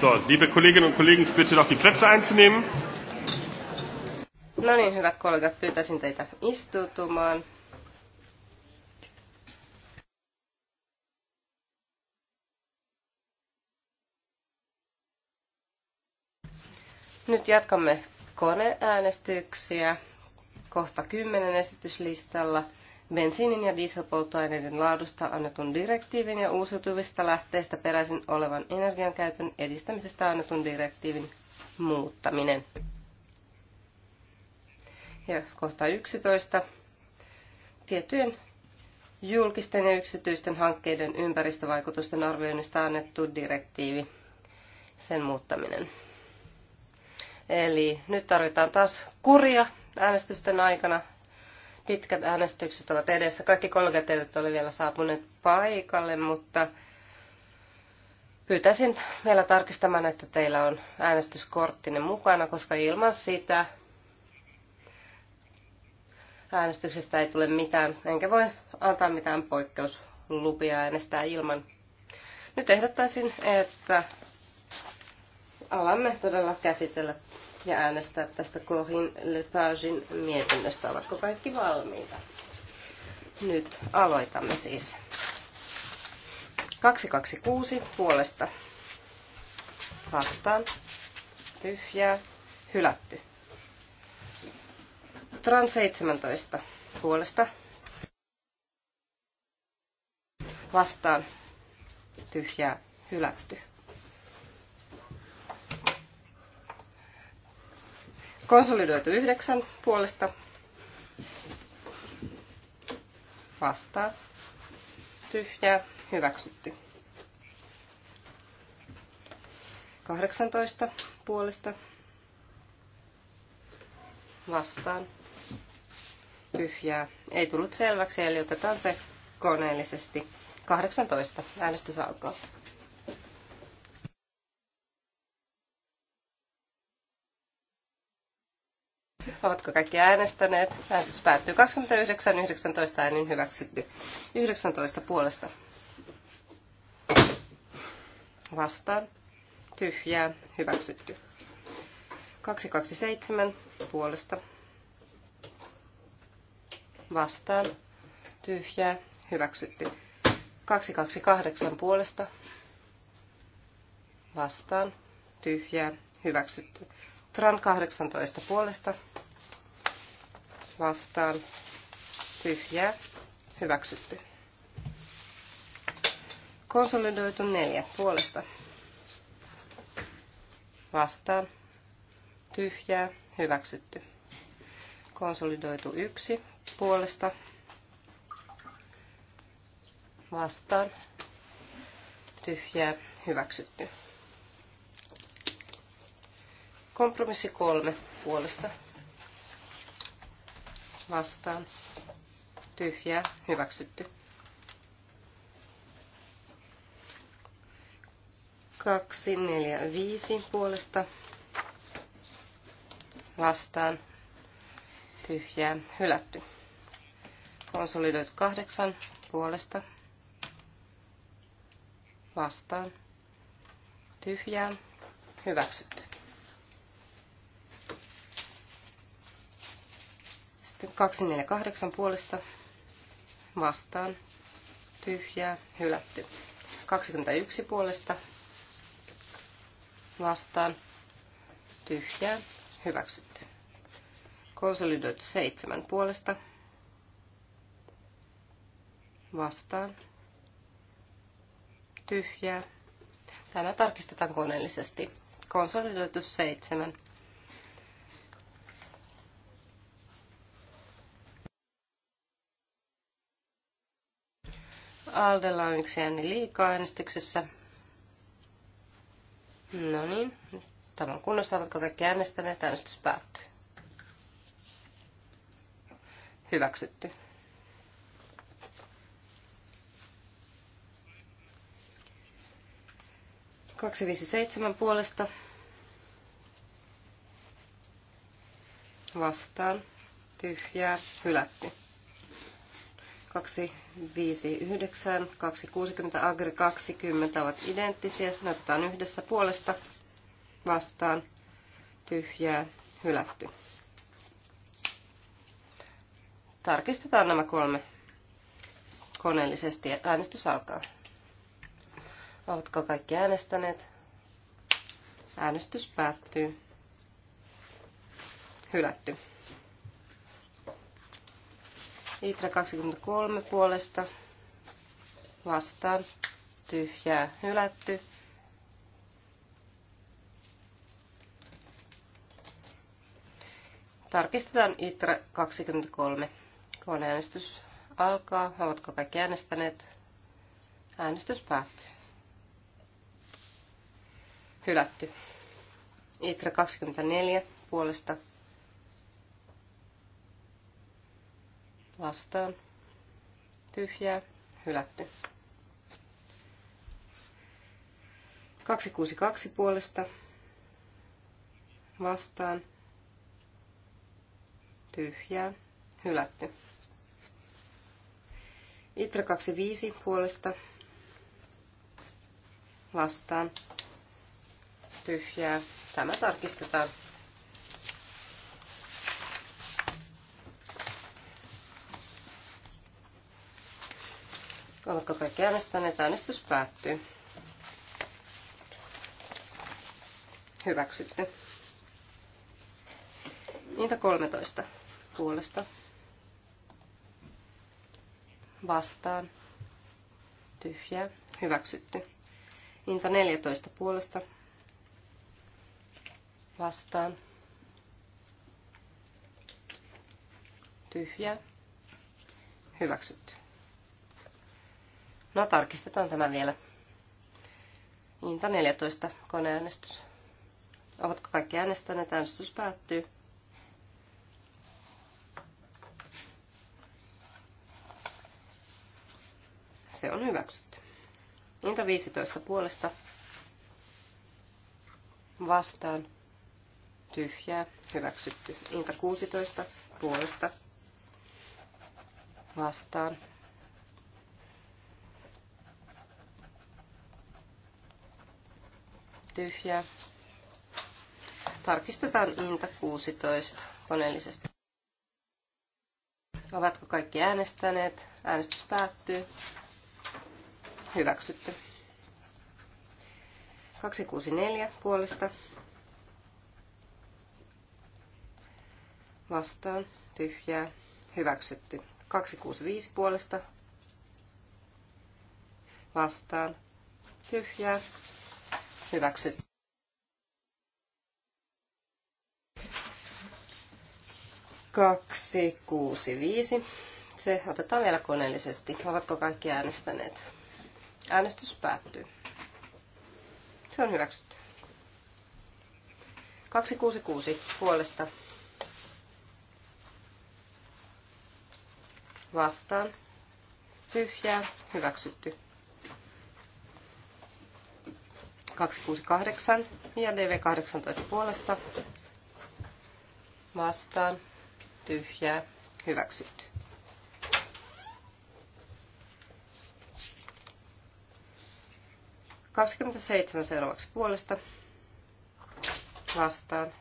So, liebe Kolleginnen und Kollegen, ich bitte doch die Plätze einzunehmen. No niin, hyvät kollegat, pyytäisin teitä istutumaan. Nyt jatkamme koneäänestyksiä kohta 10 esityslistalla – bensiinin ja dieselpolttoaineiden laadusta annetun direktiivin ja uusiutuvista lähteistä peräisin olevan energian käytön edistämisestä annetun direktiivin muuttaminen. Ja kohta 11. Tiettyjen julkisten ja yksityisten hankkeiden ympäristövaikutusten arvioinnista annettu direktiivi, sen muuttaminen. Eli nyt tarvitaan taas kuria äänestysten aikana Pitkät äänestykset ovat edessä. Kaikki kollegat eivät ole vielä saapuneet paikalle, mutta pyytäisin vielä tarkistamaan, että teillä on äänestyskorttinen mukana, koska ilman sitä äänestyksestä ei tule mitään, enkä voi antaa mitään poikkeuslupia äänestää ilman. Nyt ehdottaisin, että alamme todella käsitellä ja äänestää tästä Corin Lepagin mietinnöstä. Ovatko kaikki valmiita? Nyt aloitamme siis. 226 puolesta. Vastaan. Tyhjää. Hylätty. Trans 17 puolesta. Vastaan. Tyhjää. Hylätty. Konsolidoitu yhdeksän puolesta vastaa Tyhjää. Hyväksytty. 18 puolesta vastaan. Tyhjää. Ei tullut selväksi, eli otetaan se koneellisesti. 18. Äänestys alkaa. Ovatko kaikki äänestäneet? Äänestys päättyy 29, 19 äänin hyväksytty. 19 puolesta. Vastaan. Tyhjää. Hyväksytty. 227 puolesta. Vastaan. Tyhjää. Hyväksytty. 228 puolesta. Vastaan. Tyhjää. Hyväksytty. Tran 18 puolesta vastaan tyhjä hyväksytty. Konsolidoitu neljä puolesta vastaan tyhjää hyväksytty. Konsolidoitu yksi puolesta vastaan tyhjää hyväksytty. Kompromissi kolme puolesta vastaan tyhjää hyväksytty. Kaksi, neljä, viisi puolesta vastaan tyhjää hylätty. Konsolidoit kahdeksan puolesta vastaan tyhjää hyväksytty. 248 puolesta vastaan tyhjää hylätty. 21 puolesta vastaan tyhjää hyväksytty. Konsolidoitu 7 puolesta vastaan tyhjää. Tämä tarkistetaan koneellisesti. Konsolidoitu 7 Aldella on yksi ääni liikaa äänestyksessä. No niin, tämä on kunnossa, oletko kaikki äänestäneet, äänestys päättyy. Hyväksytty. Kaksi viisi seitsemän puolesta. Vastaan. Tyhjää. Hylätty. 259, 260, Agri 20 ovat identtisiä. Ne otetaan yhdessä puolesta vastaan tyhjää hylätty. Tarkistetaan nämä kolme koneellisesti. Äänestys alkaa. Ovatko kaikki äänestäneet? Äänestys päättyy. Hylätty. Itra 23 puolesta vastaan tyhjää hylätty. Tarkistetaan Itra 23. Koneäänestys alkaa. Ovatko kaikki äänestäneet? Äänestys päättyy. Hylätty. Itra 24 puolesta vastaan, tyhjää, hylätty. 262 puolesta vastaan, tyhjää, hylätty. Itra 25 puolesta vastaan, tyhjää. Tämä tarkistetaan. Ovatko kaikki äänestäneet? Äänestys päättyy. Hyväksytty. Niitä 13 puolesta. Vastaan. Tyhjää. Hyväksytty. Inta 14 puolesta. Vastaan. Tyhjää. Hyväksytty. No tarkistetaan tämä vielä. Inta 14, koneäänestys. Ovatko kaikki äänestäneet? Äänestys päättyy. Se on hyväksytty. Inta 15 puolesta. Vastaan. Tyhjää. Hyväksytty. Inta 16 puolesta. Vastaan tyhjää. Tarkistetaan Inta 16 koneellisesti. Ovatko kaikki äänestäneet? Äänestys päättyy. Hyväksytty. 264 puolesta. Vastaan. Tyhjää. Hyväksytty. 265 puolesta. Vastaan. Tyhjää. Hyväksytty. Kaksi, kuusi, viisi. Se otetaan vielä koneellisesti. Ovatko kaikki äänestäneet? Äänestys päättyy. Se on hyväksytty. 266 puolesta. Vastaan. Tyhjää. Hyväksytty. 268 ja DV18 puolesta vastaan tyhjää hyväksytty. Kaksikymmentäseitsemän seuraavaksi puolesta vastaan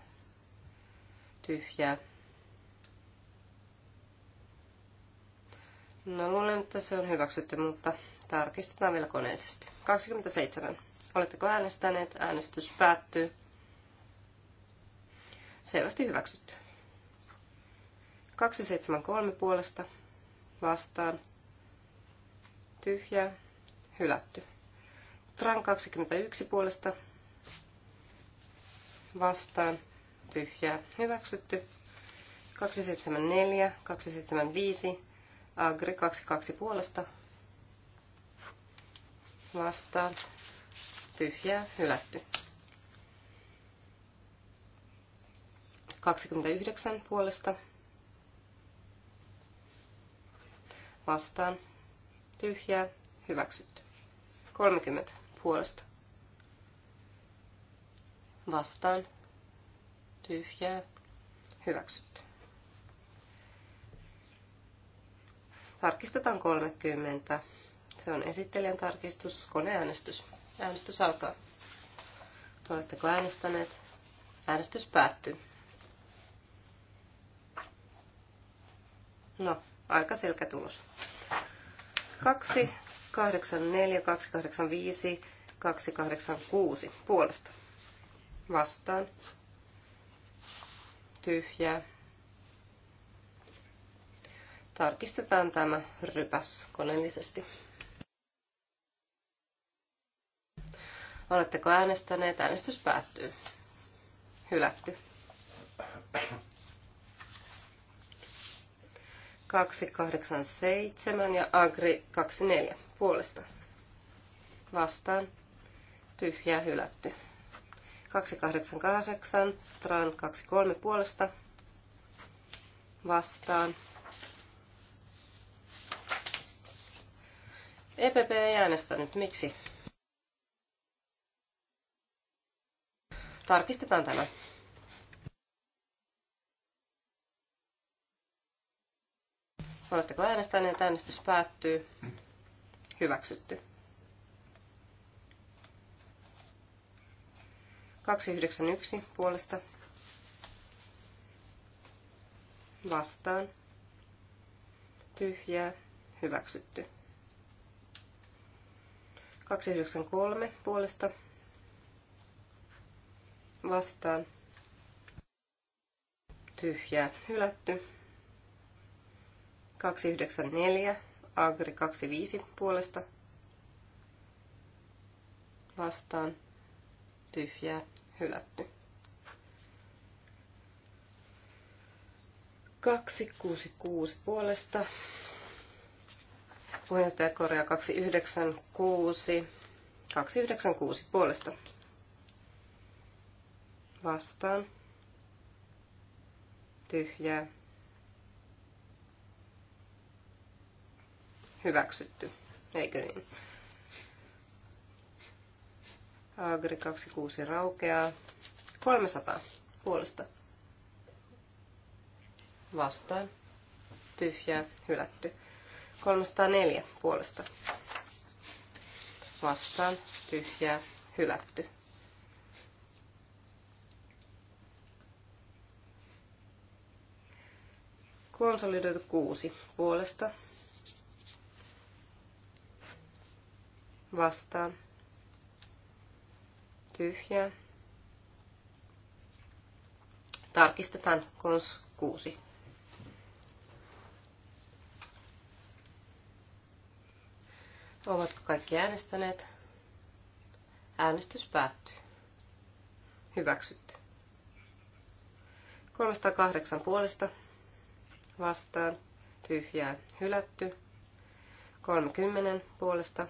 tyhjää. No luulen, että se on hyväksytty, mutta tarkistetaan vielä koneellisesti. seitsemän Oletteko äänestäneet? Äänestys päättyy. Selvästi hyväksytty. 273 puolesta vastaan. Tyhjä. Hylätty. Tran 21 puolesta vastaan. Tyhjää. Hyväksytty. 274, 275, Agri 22 puolesta vastaan tyhjää, hylätty. 29 puolesta vastaan, tyhjää, hyväksytty. 30 puolesta vastaan, tyhjää, hyväksytty. Tarkistetaan 30. Se on esittelijän tarkistus, koneäänestys. Äänestys alkaa. Oletteko äänestäneet? Äänestys päättyy. No, aika selkä tulos. 2, 8, 4, 2, 8, 5, 2, 8, 6 puolesta. Vastaan. Tyhjää. Tarkistetaan tämä rypäs koneellisesti. Oletteko äänestäneet? Äänestys päättyy. Hylätty. 287 ja Agri 24 puolesta. Vastaan. Tyhjää hylätty. 288, Tran 23 puolesta. Vastaan. EPP ei äänestänyt. Miksi? Tarkistetaan tämä. Oletteko äänestäneet? Äänestys päättyy. Hyväksytty. 291 puolesta. Vastaan. Tyhjää. Hyväksytty. 293 puolesta vastaan tyhjää hylätty. 294, Agri 25 puolesta vastaan tyhjää hylätty. 266 puolesta. Puheenjohtaja korjaa 296. 296 puolesta vastaan tyhjää hyväksytty, eikö niin? Agri 26 raukeaa. 300 puolesta. Vastaan. Tyhjää. Hylätty. 304 puolesta. Vastaan. Tyhjää. Hylätty. Konsolidoitu kuusi puolesta. Vastaan. Tyhjää. Tarkistetaan kons 6. Ovatko kaikki äänestäneet? Äänestys päättyy. Hyväksytty. 308 puolesta vastaan, tyhjää, hylätty. 30 puolesta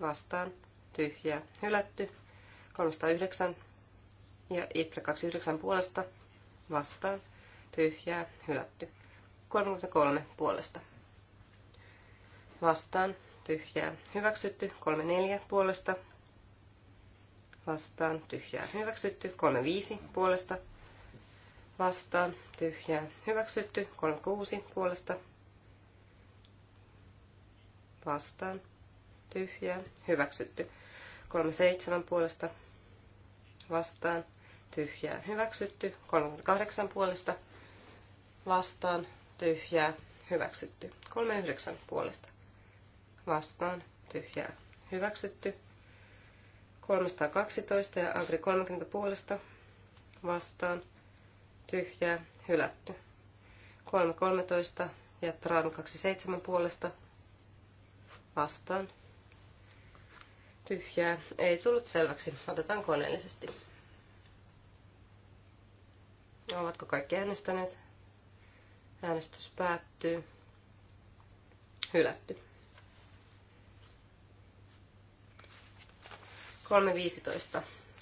vastaan, tyhjää, hylätty. 309 ja Itre 29 puolesta vastaan, tyhjää, hylätty. 33 puolesta vastaan, tyhjää, hyväksytty. 34 puolesta vastaan, tyhjää, hyväksytty. 35 puolesta vastaan, tyhjää, hyväksytty, 36 puolesta, vastaan, tyhjää, hyväksytty, 37 puolesta, vastaan, tyhjää, hyväksytty, 38 puolesta, vastaan, tyhjää, hyväksytty, 39 puolesta, vastaan, tyhjää, hyväksytty, 312 ja Agri 30 puolesta, vastaan, tyhjää, hylätty. 3.13 ja Tran 27 puolesta vastaan. Tyhjää. Ei tullut selväksi. Otetaan koneellisesti. Ovatko kaikki äänestäneet? Äänestys päättyy. Hylätty. 3.15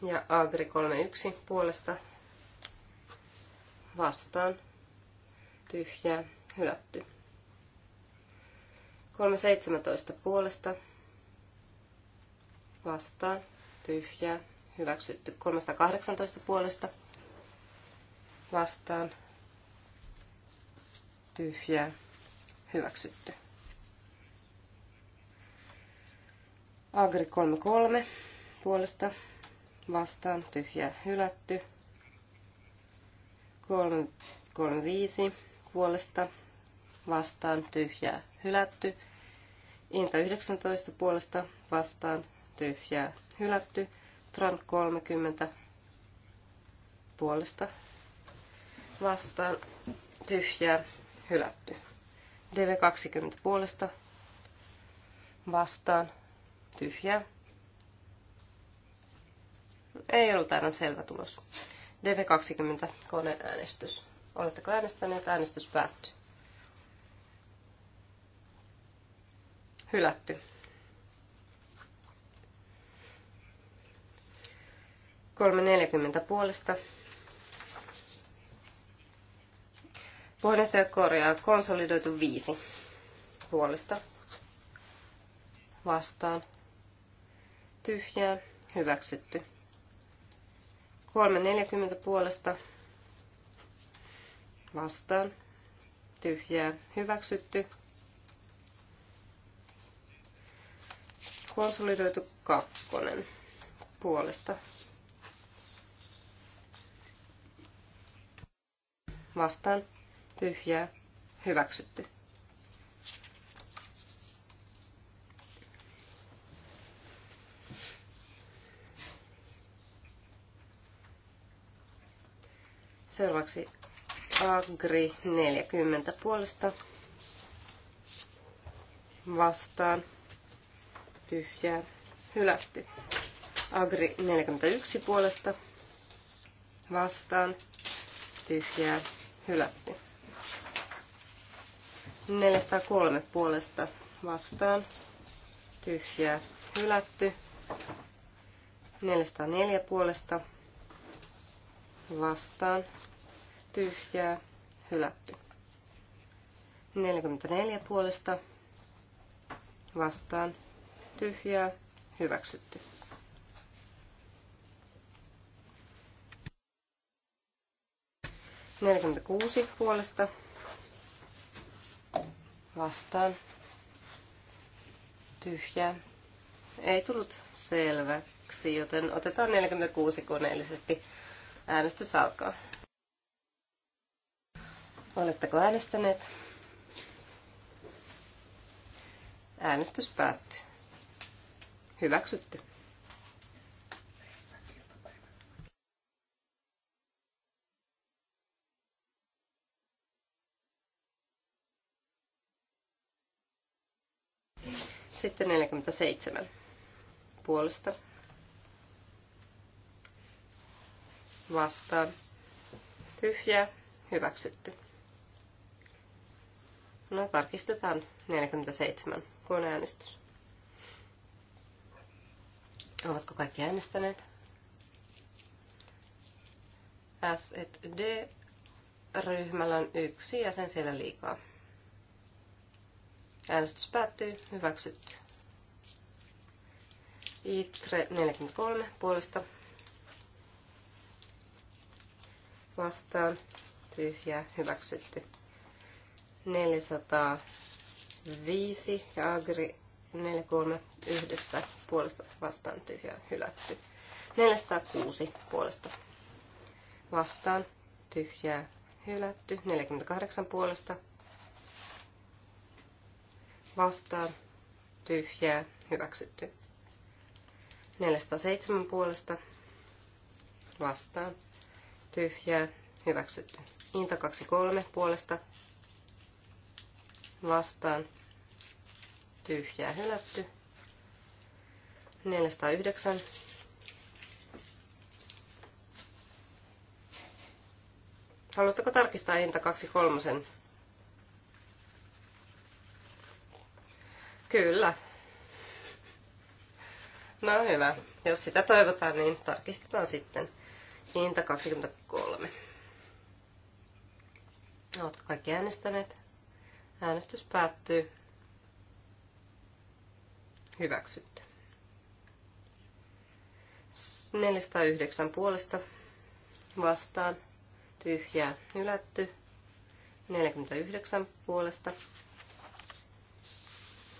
ja Agri 3.1 puolesta vastaan tyhjää hylätty. 317 puolesta vastaan tyhjää hyväksytty. 318 puolesta vastaan tyhjää hyväksytty. Agri 33 puolesta vastaan tyhjää hylätty. 335 puolesta vastaan tyhjää hylätty. Inta 19 puolesta vastaan tyhjää hylätty. Tran 30 puolesta vastaan tyhjää hylätty. DV20 puolesta vastaan tyhjää. Ei ollut aivan selvä tulos. DV20 koneäänestys. Oletteko äänestäneet? Äänestys päättyy. Hylätty. Kolme neljäkymmentä puolesta. Puheenjohtaja korjaa konsolidoitu viisi puolesta. Vastaan. Tyhjää. Hyväksytty. 340 puolesta vastaan. Tyhjää. Hyväksytty. Konsolidoitu kakkonen puolesta. Vastaan. Tyhjää. Hyväksytty. Seuraavaksi Agri 40 puolesta vastaan tyhjää hylätty. Agri 41 puolesta vastaan tyhjää hylätty. 403 puolesta vastaan tyhjää hylätty. 404 puolesta vastaan tyhjää, hylätty. 44 puolesta vastaan tyhjää, hyväksytty. kuusi puolesta vastaan tyhjää. Ei tullut selväksi, joten otetaan 46 koneellisesti. Äänestys alkaa. Oletteko äänestäneet? Äänestys päättyy. Hyväksytty. Sitten 47 puolesta vastaan. Tyhjää, hyväksytty. No tarkistetaan 47 koneäänestys. Ovatko kaikki äänestäneet? D ryhmällä on yksi ja sen siellä liikaa. Äänestys päättyy. Hyväksytty. Itre 43 puolesta. Vastaan. Tyhjää. Hyväksytty. 405 ja Agri 43 yhdessä puolesta vastaan tyhjää hylätty. 406 puolesta vastaan tyhjää hylätty. 48 puolesta vastaan tyhjää hyväksytty. 407 puolesta vastaan tyhjää hyväksytty. Inta 23 puolesta vastaan tyhjää hylätty. 409 Haluatteko tarkistaa hinta 23? Kyllä. No hyvä. Jos sitä toivotaan, niin tarkistetaan sitten. Hinta 23. Oletko kaikki äänestäneet? Äänestys päättyy. Hyväksytty. 409 puolesta vastaan tyhjää hylätty. 49 puolesta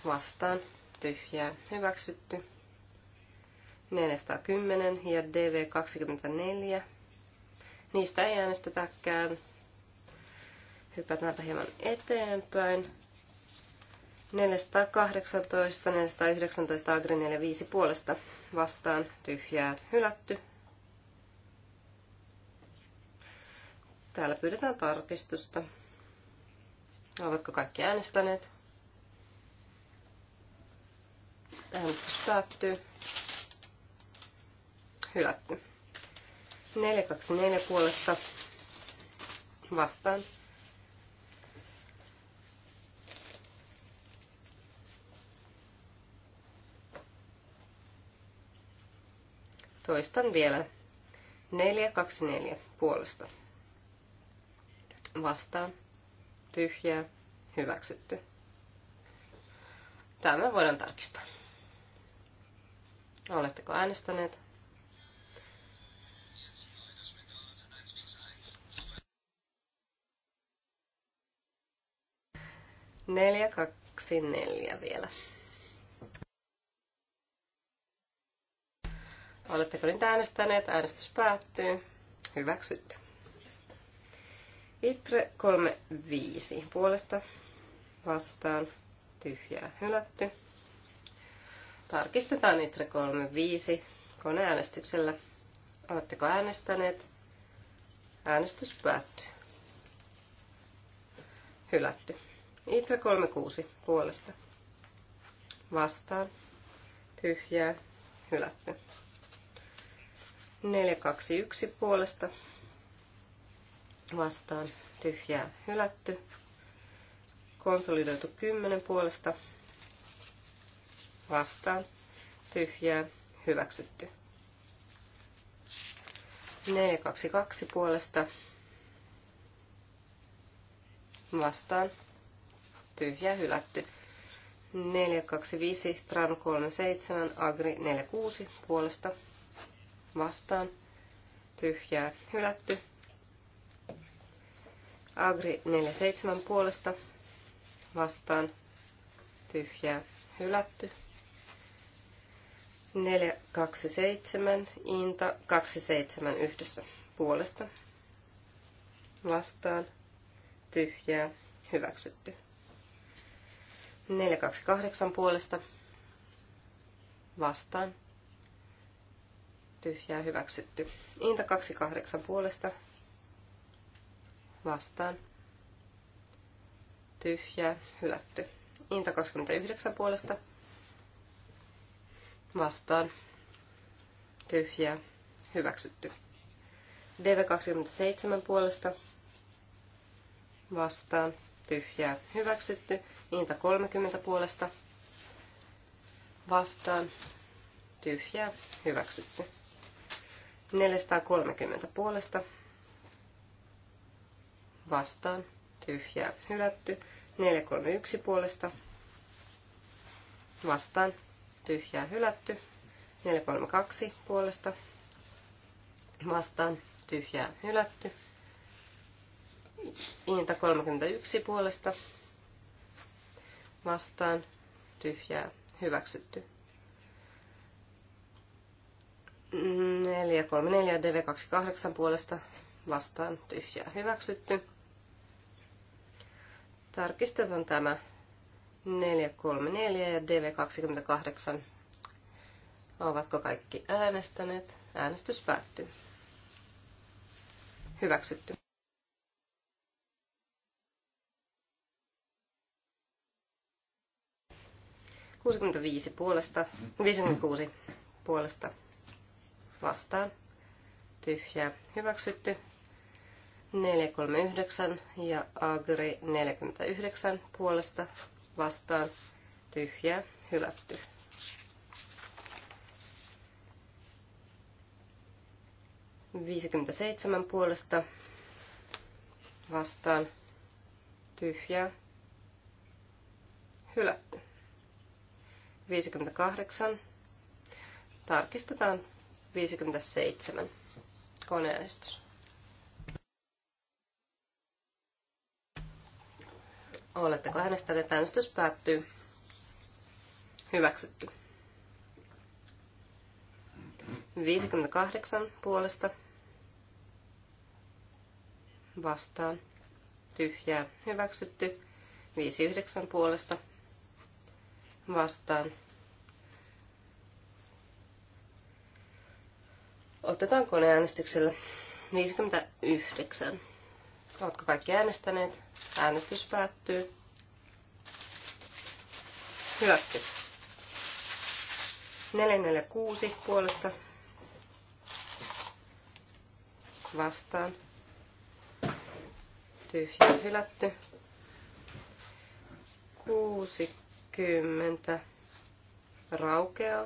vastaan tyhjää hyväksytty. 410 ja DV24. Niistä ei äänestetäkään. Hypätäänpä hieman eteenpäin. 418, 419 Agri 45 puolesta vastaan tyhjää hylätty. Täällä pyydetään tarkistusta. Ovatko kaikki äänestäneet? Äänestys päättyy. Hylätty. 424 puolesta vastaan Toistan vielä. 424 puolesta. Vastaan. Tyhjää. Hyväksytty. Tämä voidaan tarkistaa. Oletteko äänestäneet? Neljä, kaksi, neljä vielä. Oletteko nyt äänestäneet? Äänestys päättyy. Hyväksytty. Itre 35 puolesta vastaan tyhjää hylätty. Tarkistetaan Itre 35 koneäänestyksellä. Oletteko äänestäneet? Äänestys päättyy. Hylätty. Itre 36 puolesta vastaan tyhjää hylätty. 421 puolesta vastaan tyhjää hylätty. Konsolidoitu 10 puolesta vastaan tyhjää hyväksytty. 422 puolesta vastaan tyhjää hylätty. 425 Tran 37 Agri 46 puolesta vastaan, tyhjää, hylätty. Agri 47 puolesta vastaan, tyhjää, hylätty. 427, Inta 27 yhdessä puolesta vastaan, tyhjää, hyväksytty. 428 puolesta vastaan, ja hyväksytty. Inta 28 puolesta vastaan tyhjää hylätty. Inta 29 puolesta vastaan tyhjää hyväksytty. DV27 puolesta vastaan tyhjää hyväksytty. Inta 30 puolesta vastaan tyhjää hyväksytty. 430 puolesta vastaan tyhjää hylätty. 431 puolesta vastaan tyhjää hylätty. 432 puolesta vastaan tyhjää hylätty. Inta 31 puolesta vastaan tyhjää hyväksytty. 434 DV28 puolesta vastaan tyhjää hyväksytty. Tarkistetaan tämä 434 ja DV28. Ovatko kaikki äänestäneet? Äänestys päättyy. Hyväksytty. Kuusikymmentäviisi puolesta, 56 puolesta vastaan tyhjää hyväksytty. 439 ja Agri 49 puolesta vastaan tyhjää hylätty. Viisikymmentäseitsemän puolesta vastaan tyhjä hylätty. viisikymmentäkahdeksan tarkistetaan 57. Koneäänestys. Oletteko äänestäneet? Äänestys päättyy. Hyväksytty. 58 puolesta. Vastaan. Tyhjää. Hyväksytty. 59 puolesta. Vastaan otetaan koneäänestyksellä 59. Oletko kaikki äänestäneet? Äänestys päättyy. Hylätty. 446 puolesta vastaan. Tyhjä hylätty. 60 raukeaa.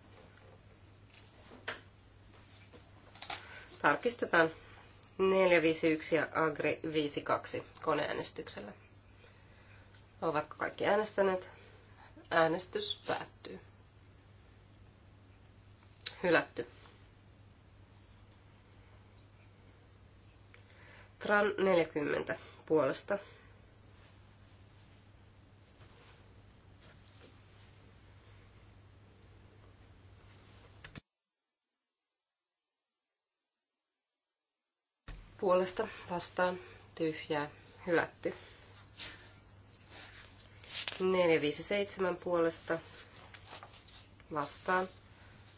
Tarkistetaan 451 ja Agri 52 koneäänestyksellä. Ovatko kaikki äänestäneet? Äänestys päättyy. Hylätty. Tran 40 puolesta puolesta vastaan tyhjää hylätty. 457 puolesta vastaan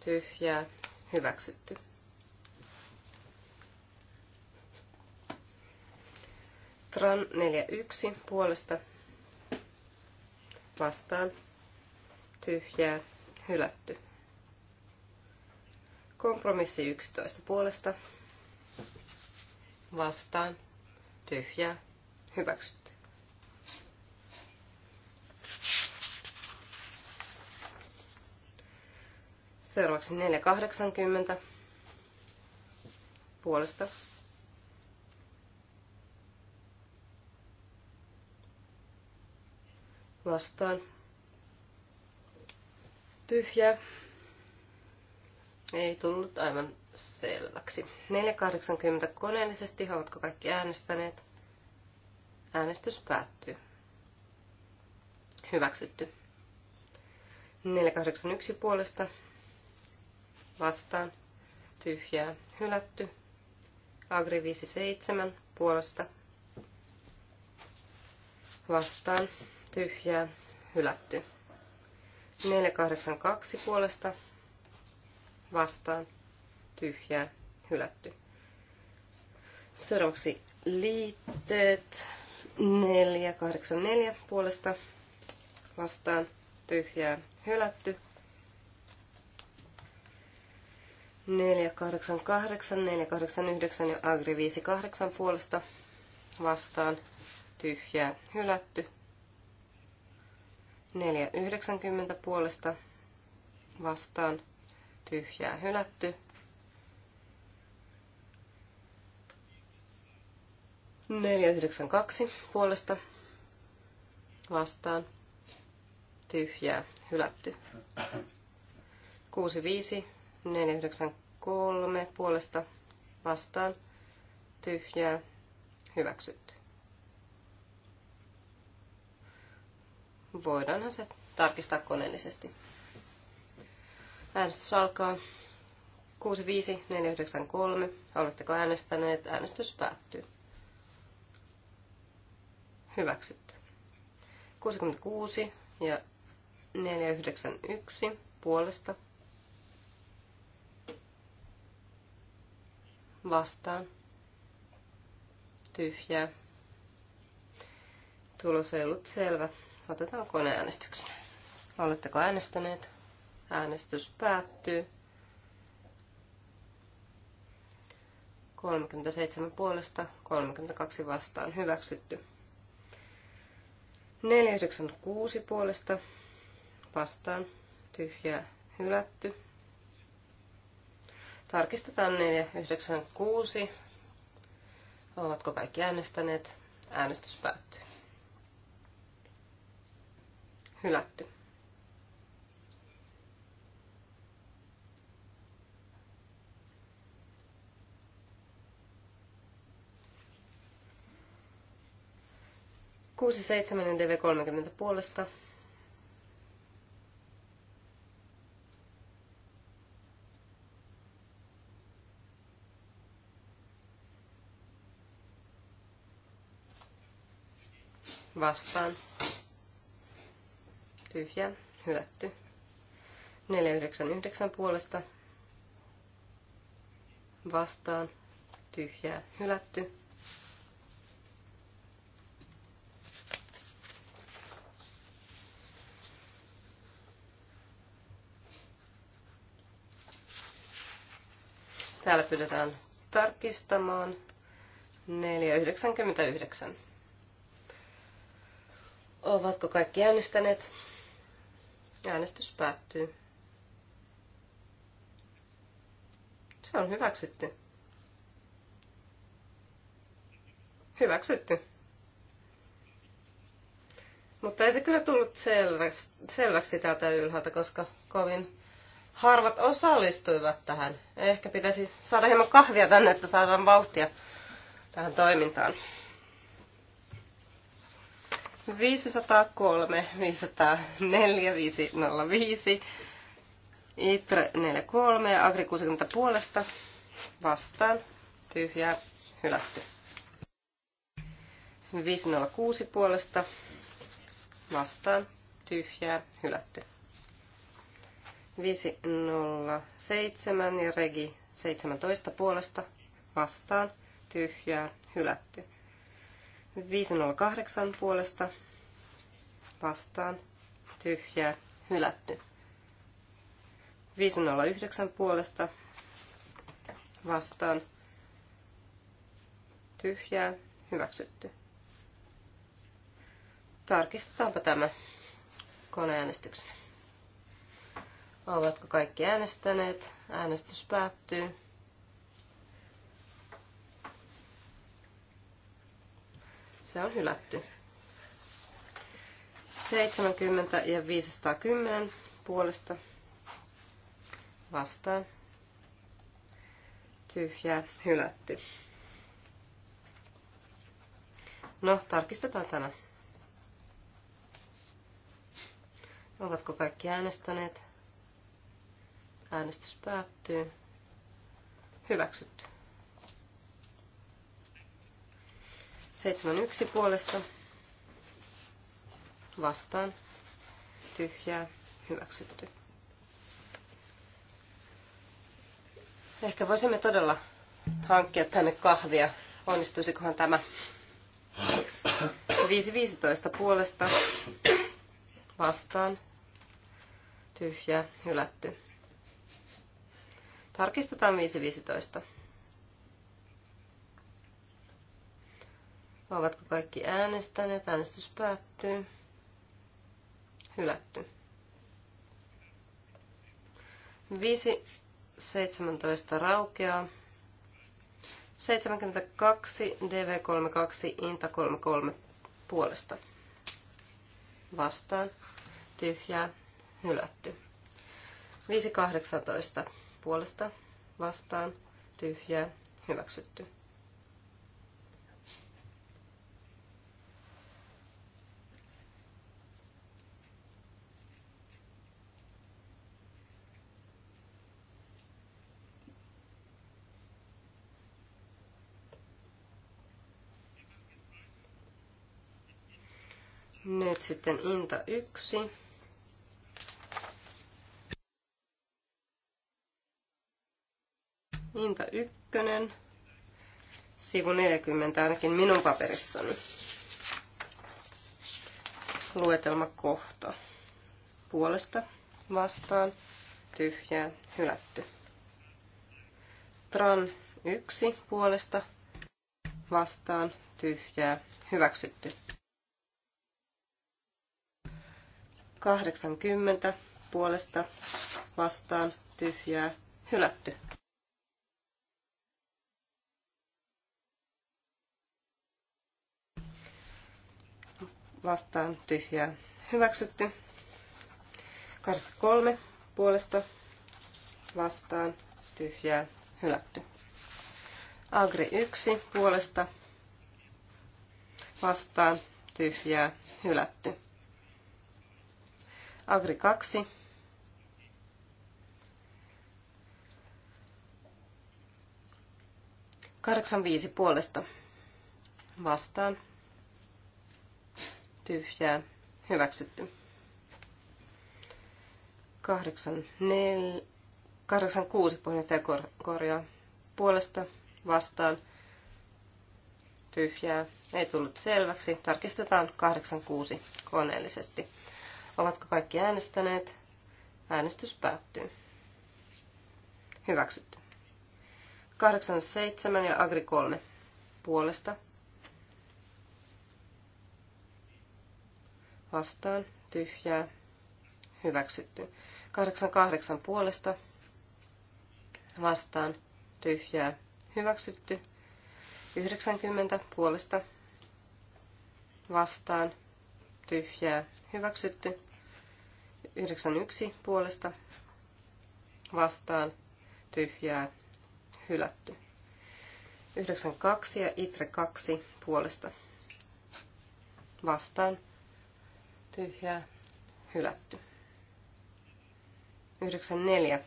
tyhjää hyväksytty. Tran 41 puolesta vastaan tyhjää hylätty. Kompromissi 11 puolesta vastaan, tyhjää, hyväksytty. Seuraavaksi 480 puolesta. Vastaan. Tyhjä. Ei tullut aivan selväksi. 480 koneellisesti, ovatko kaikki äänestäneet? Äänestys päättyy. Hyväksytty. 481 puolesta vastaan tyhjää hylätty. Agri 57 puolesta vastaan tyhjää hylätty. 482 puolesta vastaan tyhjää hylätty. Seuraavaksi liitteet 484 puolesta vastaan tyhjää hylätty. 488, 489 ja Agri 58 puolesta vastaan tyhjää hylätty. 490 puolesta vastaan tyhjää hylätty. Neljä yhdeksän kaksi puolesta vastaan tyhjää hylätty. Kuusi viisi neljä yhdeksän kolme puolesta vastaan tyhjää hyväksytty. Voidaanhan se tarkistaa koneellisesti. Äänestys alkaa. 65493. Oletteko äänestäneet? Äänestys päättyy. Hyväksytty. 66 ja 491 puolesta. Vastaan. Tyhjää. Tulos ei ollut selvä. Otetaan koneäänestyksen. Oletteko äänestäneet? Äänestys päättyy. 37 puolesta, 32 vastaan hyväksytty. 496 puolesta vastaan tyhjää hylätty. Tarkistetaan 496. Ovatko kaikki äänestäneet? Äänestys päättyy. Hylätty. 6, DV30 puolesta. Vastaan. Tyhjä. Hylätty. 499 puolesta. Vastaan. Tyhjää. Hylätty. Täällä pyydetään tarkistamaan 499. Ovatko kaikki äänestäneet? Äänestys päättyy. Se on hyväksytty. Hyväksytty. Mutta ei se kyllä tullut selväksi, selväksi täältä ylhäältä, koska kovin harvat osallistuivat tähän. Ehkä pitäisi saada hieman kahvia tänne, että saadaan vauhtia tähän toimintaan. 503, 504, 505, ITRE 43 ja AGRI 60 puolesta vastaan tyhjää hylätty. 506 puolesta vastaan tyhjää hylätty. 507 ja regi 17 puolesta vastaan tyhjää hylätty. 508 puolesta vastaan tyhjää hylätty. 509 puolesta vastaan tyhjää hyväksytty. Tarkistetaanpa tämä koneäänestyksenä. Ovatko kaikki äänestäneet? Äänestys päättyy. Se on hylätty. 70 ja 510 puolesta vastaan. Tyhjää, hylätty. No, tarkistetaan tämä. Ovatko kaikki äänestäneet? Äänestys päättyy. Hyväksytty. 7.1 puolesta. Vastaan. Tyhjää. Hyväksytty. Ehkä voisimme todella hankkia tänne kahvia. Onnistuisikohan tämä? 5.15 puolesta. Vastaan. Tyhjää. Hylätty. Tarkistetaan 5.15. Ovatko kaikki äänestäneet? Äänestys päättyy. Hylätty. 5.17 raukeaa. 72, DV32, INTA33 puolesta. Vastaan. Tyhjää. Hylätty. 5.18 puolesta vastaan tyhjää hyväksytty. Nyt sitten Inta 1 hinta ykkönen, sivu 40 ainakin minun paperissani. Luetelma kohta. Puolesta, vastaan, tyhjää, hylätty. Tran 1 puolesta, vastaan, tyhjää, hyväksytty. 80 puolesta, vastaan, tyhjää, hylätty. vastaan tyhjää hyväksytty. 23 puolesta vastaan tyhjää hylätty. Agri 1 puolesta vastaan tyhjää hylätty. Agri 2 85 puolesta vastaan tyhjää, hyväksytty. 86 puheenjohtaja kor, korjaa puolesta vastaan tyhjää. Ei tullut selväksi. Tarkistetaan 86 koneellisesti. Ovatko kaikki äänestäneet? Äänestys päättyy. Hyväksytty. 87 ja Agri 3 puolesta vastaan tyhjää hyväksytty. 88 puolesta vastaan tyhjää hyväksytty. 90 puolesta vastaan tyhjää hyväksytty. 91 puolesta vastaan tyhjää hylätty. 92 ja itre 2 puolesta vastaan tyhjää, hylätty. 94.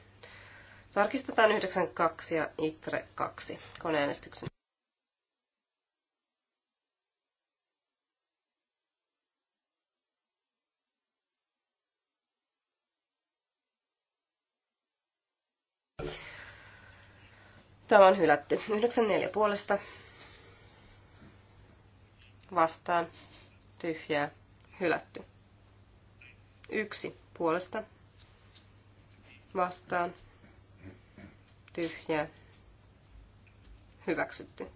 Tarkistetaan 92 ja ITRE 2 koneäänestyksen. Tämä on hylätty. 94 puolesta. Vastaan. Tyhjää. Hylätty. Yksi puolesta vastaan tyhjä hyväksytty.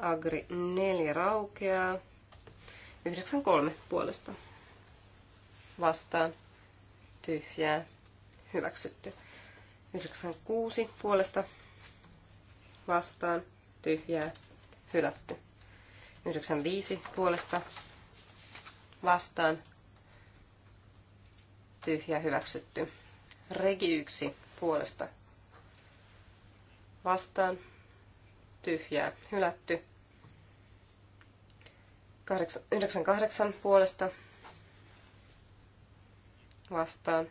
Agri 4 raukeaa. 9.3 puolesta. Vastaan. Tyhjää. Hyväksytty. 9.6 puolesta. Vastaan. Tyhjää. Hylätty. 9.5 puolesta. Vastaan tyhjä hyväksytty. Regi 1 puolesta vastaan tyhjää hylätty. 98 puolesta vastaan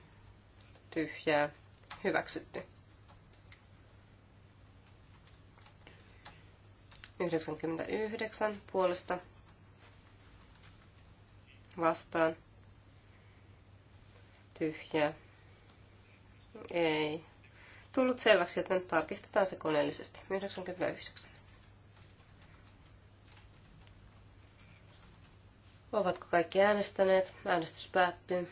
tyhjää hyväksytty. 99 puolesta vastaan tyhjää. Ei. Tullut selväksi, joten tarkistetaan se koneellisesti. 99. Ovatko kaikki äänestäneet? Äänestys päättyy.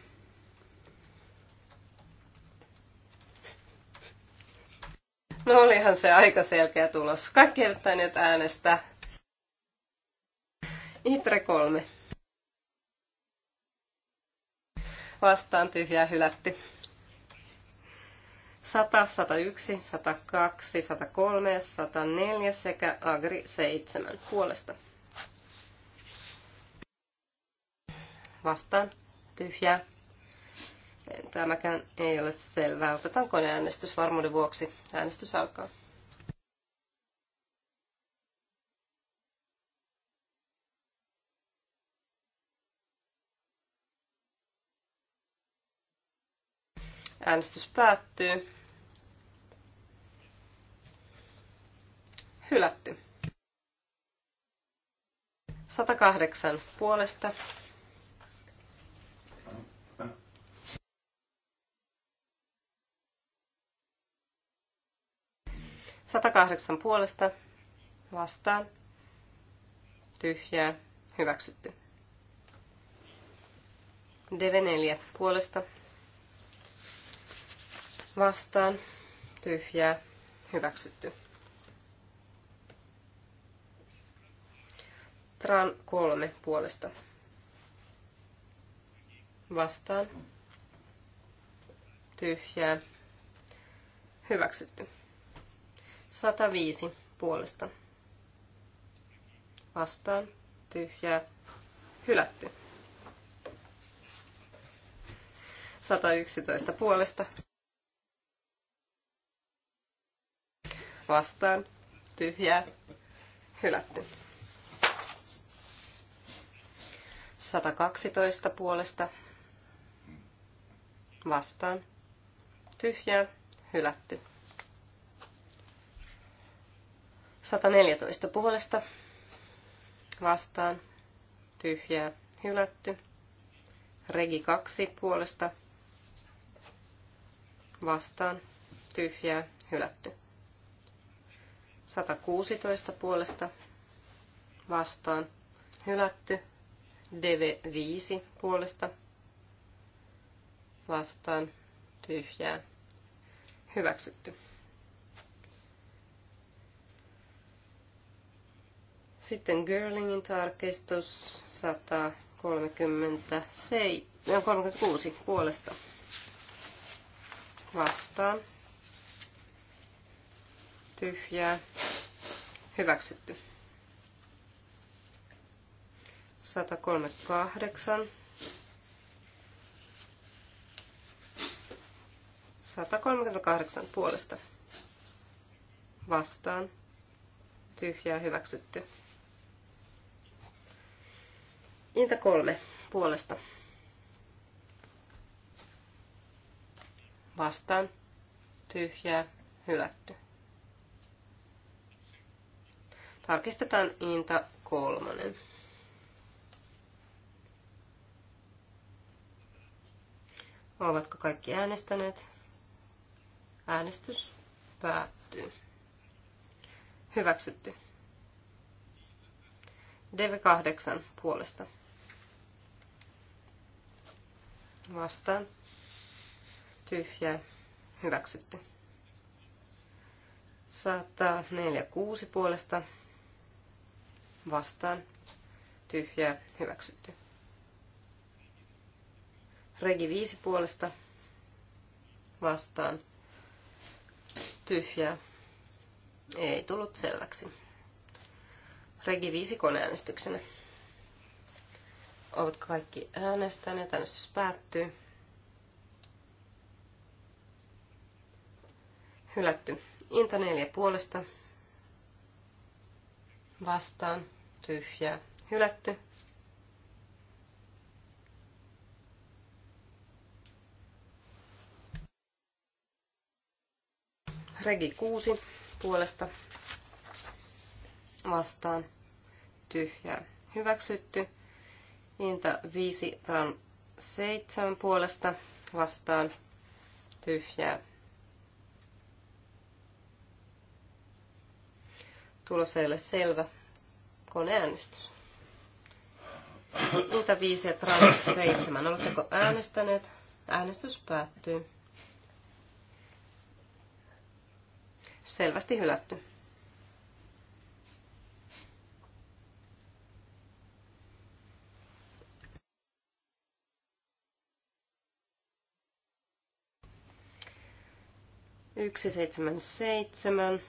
No olihan se aika selkeä tulos. Kaikki eivät äänestää. Itre kolme. vastaan tyhjää hylätty. 100, 101, 102, 103, 104 sekä Agri 7 puolesta. Vastaan tyhjää. Tämäkään ei ole selvää. Otetaan koneäänestys varmuuden vuoksi. Äänestys alkaa. Äänestys päättyy. Hylätty. 108 puolesta. Satakahdeksan puolesta vastaan. Tyhjää. Hyväksytty. DV4 puolesta vastaan tyhjää hyväksytty. Tran kolme puolesta. Vastaan. Tyhjää. Hyväksytty. 105 puolesta. Vastaan. Tyhjää. Hylätty. 111 puolesta. vastaan, tyhjää, hylätty. 112 puolesta vastaan, tyhjää, hylätty. 114 puolesta vastaan, tyhjää, hylätty. Regi 2 puolesta vastaan, tyhjää, hylätty. 116 puolesta vastaan hylätty. DV5 puolesta vastaan tyhjää hyväksytty. Sitten Girlingin tarkistus 136 puolesta vastaan tyhjää, hyväksytty. 138. 138 puolesta. Vastaan. Tyhjää hyväksytty. Inta kolme puolesta. Vastaan. Tyhjää hylätty. Tarkistetaan Inta kolmonen. Ovatko kaikki äänestäneet? Äänestys päättyy. Hyväksytty. DV8 puolesta. Vastaan. Tyhjä. Hyväksytty. 146 puolesta vastaan tyhjää hyväksytty. Regi 5 puolesta vastaan tyhjää ei tullut selväksi. Regi 5 koneäänestyksenä. Ovat kaikki äänestäneet. Äänestys päättyy. Hylätty. Inta 4 puolesta vastaan tyhjää hylätty. Regi 6 puolesta vastaan tyhjää hyväksytty. Inta 5 ran 7 puolesta vastaan tyhjää tulos ei ole selvä. Koneäänestys. Ilta 5 ja Trump 7. Oletteko äänestäneet? Äänestys päättyy. Selvästi hylätty. Yksi seitsemän seitsemän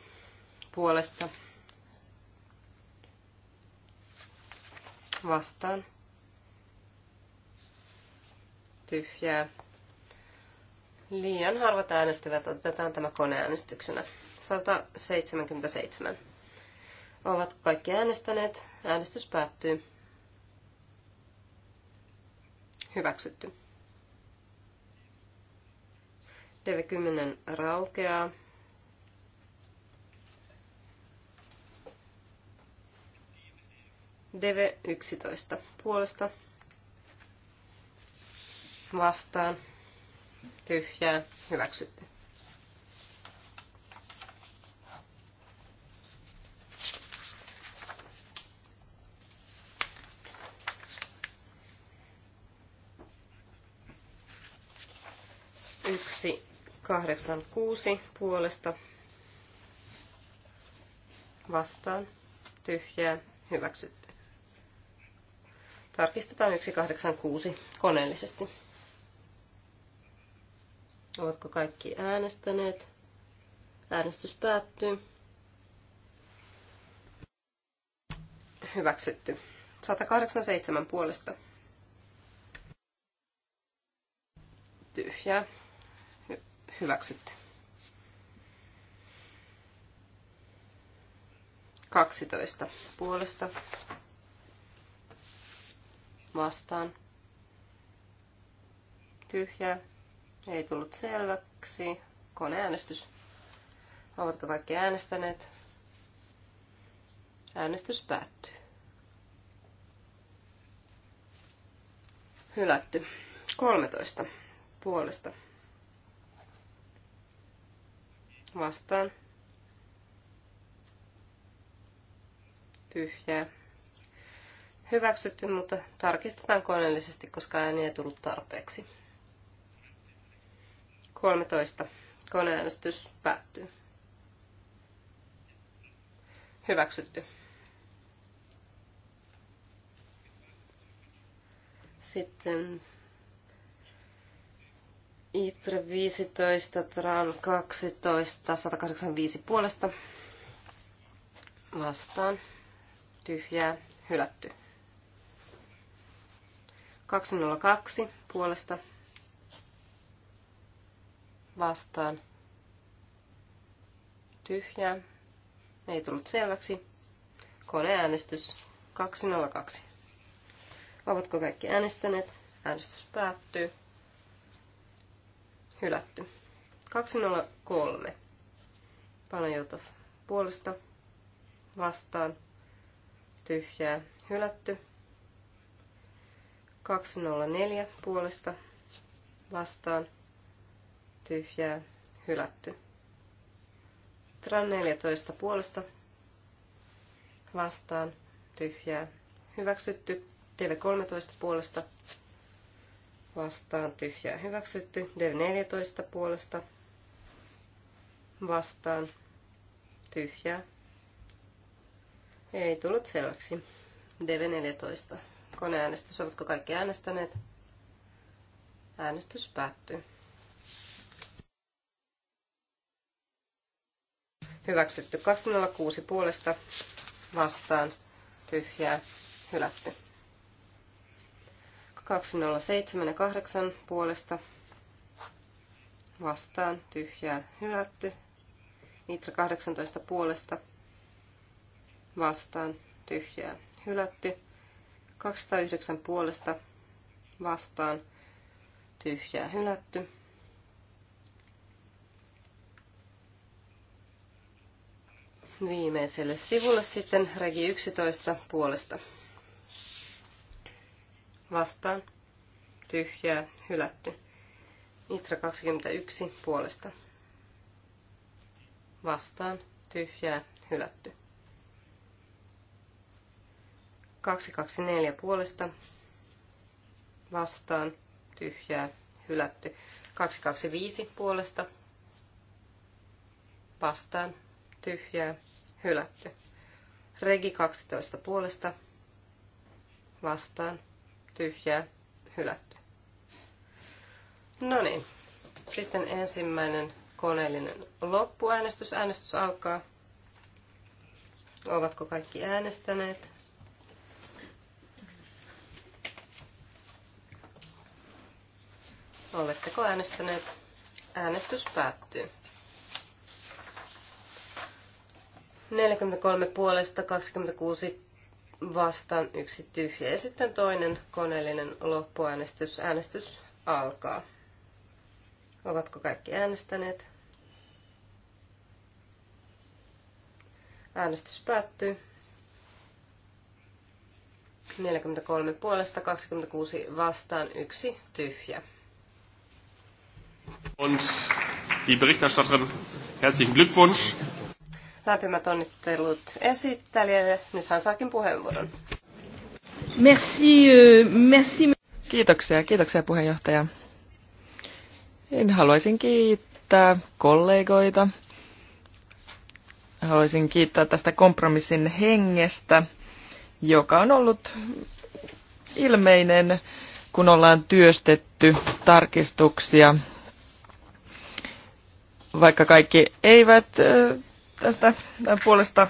puolesta vastaan. Tyhjää. Liian harvat äänestävät, Otetaan tämä koneäänestyksenä. 177. Ovat kaikki äänestäneet. Äänestys päättyy. Hyväksytty. DV10 raukeaa. DV11 puolesta vastaan tyhjää hyväksytty. Yksi kahdeksan kuusi puolesta vastaan tyhjää hyväksytty. Tarkistetaan 186 koneellisesti. Ovatko kaikki äänestäneet? Äänestys päättyy. Hyväksytty. 187 puolesta. Tyhjää. Hy- hyväksytty. 12 puolesta vastaan. tyhjä Ei tullut selväksi. Koneäänestys. Ovatko kaikki äänestäneet? Äänestys päättyy. Hylätty. 13 puolesta. Vastaan. Tyhjää hyväksytty, mutta tarkistetaan koneellisesti, koska ääni ei tullut tarpeeksi. 13. Koneäänestys päättyy. Hyväksytty. Sitten Itre 15, Tran 12, 185 puolesta. Vastaan. Tyhjää. Hylätty. 202 puolesta vastaan tyhjää. Ei tullut selväksi. Koneäänestys 202. Ovatko kaikki äänestäneet? Äänestys päättyy. Hylätty. 203. Panajotov puolesta vastaan. Tyhjää. Hylätty. 204 puolesta vastaan tyhjää hylätty. Tran 14 puolesta vastaan tyhjää hyväksytty. TV13 puolesta vastaan tyhjää hyväksytty. dev 14 puolesta vastaan tyhjää. Ei tullut selväksi. DV14 koneäänestys. Ovatko kaikki äänestäneet? Äänestys päättyy. Hyväksytty 206 puolesta vastaan tyhjää hylätty. 207 ja 8 puolesta vastaan tyhjää hylätty. Itra 18 puolesta vastaan tyhjää hylätty. 209 puolesta vastaan tyhjää hylätty. Viimeiselle sivulle sitten regi 11 puolesta vastaan tyhjää hylätty. Itra 21 puolesta vastaan tyhjää hylätty. 224 puolesta vastaan tyhjää hylätty. 225 puolesta vastaan tyhjää hylätty. Regi 12 puolesta vastaan tyhjää hylätty. No niin, sitten ensimmäinen koneellinen loppuäänestys. Äänestys alkaa. Ovatko kaikki äänestäneet? Oletteko äänestäneet? Äänestys päättyy. 43 puolesta, 26 vastaan, yksi tyhjä. Ja sitten toinen koneellinen loppuäänestys. Äänestys alkaa. Ovatko kaikki äänestäneet? Äänestys päättyy. 43 puolesta, 26 vastaan, yksi tyhjä. Und die Berichterstatterin, herzlichen Glückwunsch. Lämpimät onnittelut esittelijälle. Nyt hän saakin puheenvuoron. Merci, euh, merci. Kiitoksia, kiitoksia puheenjohtaja. En haluaisin kiittää kollegoita. Haluaisin kiittää tästä kompromissin hengestä, joka on ollut ilmeinen, kun ollaan työstetty tarkistuksia vaikka kaikki eivät tästä puolesta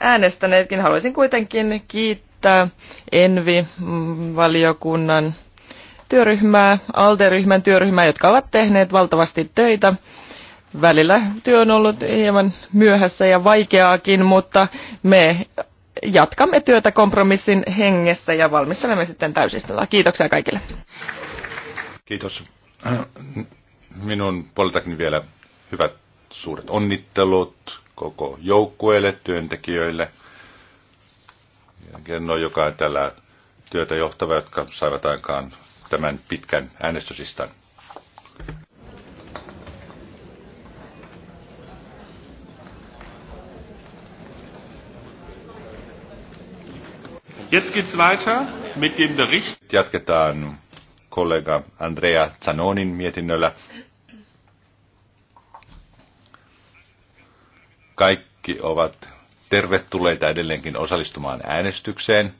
äänestäneetkin, haluaisin kuitenkin kiittää Envi-valiokunnan mm, työryhmää, ALDE-ryhmän työryhmää, jotka ovat tehneet valtavasti töitä. Välillä työ on ollut hieman myöhässä ja vaikeaakin, mutta me jatkamme työtä kompromissin hengessä ja valmistelemme sitten täysistuntoa. Kiitoksia kaikille. Kiitos. Minun puoleltakin vielä hyvät suuret onnittelut koko joukkueelle, työntekijöille. Kerno, joka on tällä työtä johtava, jotka saivat aikaan tämän pitkän äänestysistan. Jetzt geht's weiter mit dem Bericht. Jatketaan kollega Andrea Zanonin mietinnöllä kaikki ovat tervetulleita edelleenkin osallistumaan äänestykseen.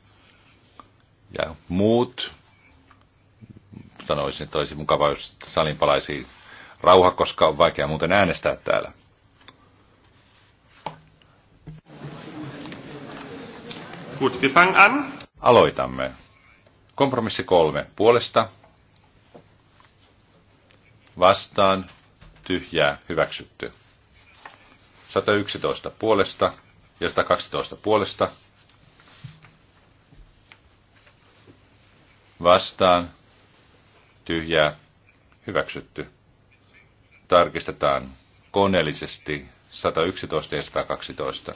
Ja muut, sanoisin, että olisi mukava, jos salin palaisi rauha, koska on vaikea muuten äänestää täällä. Aloitamme. Kompromissi kolme. Puolesta. Vastaan. Tyhjää. Hyväksytty. 111 puolesta ja 112 puolesta vastaan tyhjää hyväksytty. Tarkistetaan koneellisesti 111 ja 112.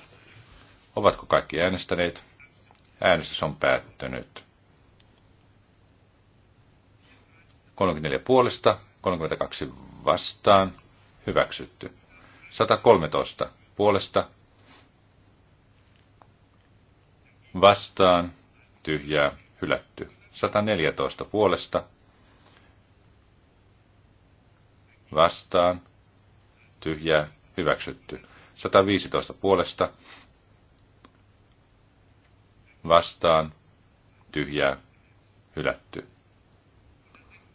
Ovatko kaikki äänestäneet? Äänestys on päättynyt. 34 puolesta, 32 vastaan, hyväksytty. 113 puolesta vastaan tyhjää hylätty. 114 puolesta vastaan tyhjää hyväksytty. 115 puolesta vastaan tyhjää hylätty.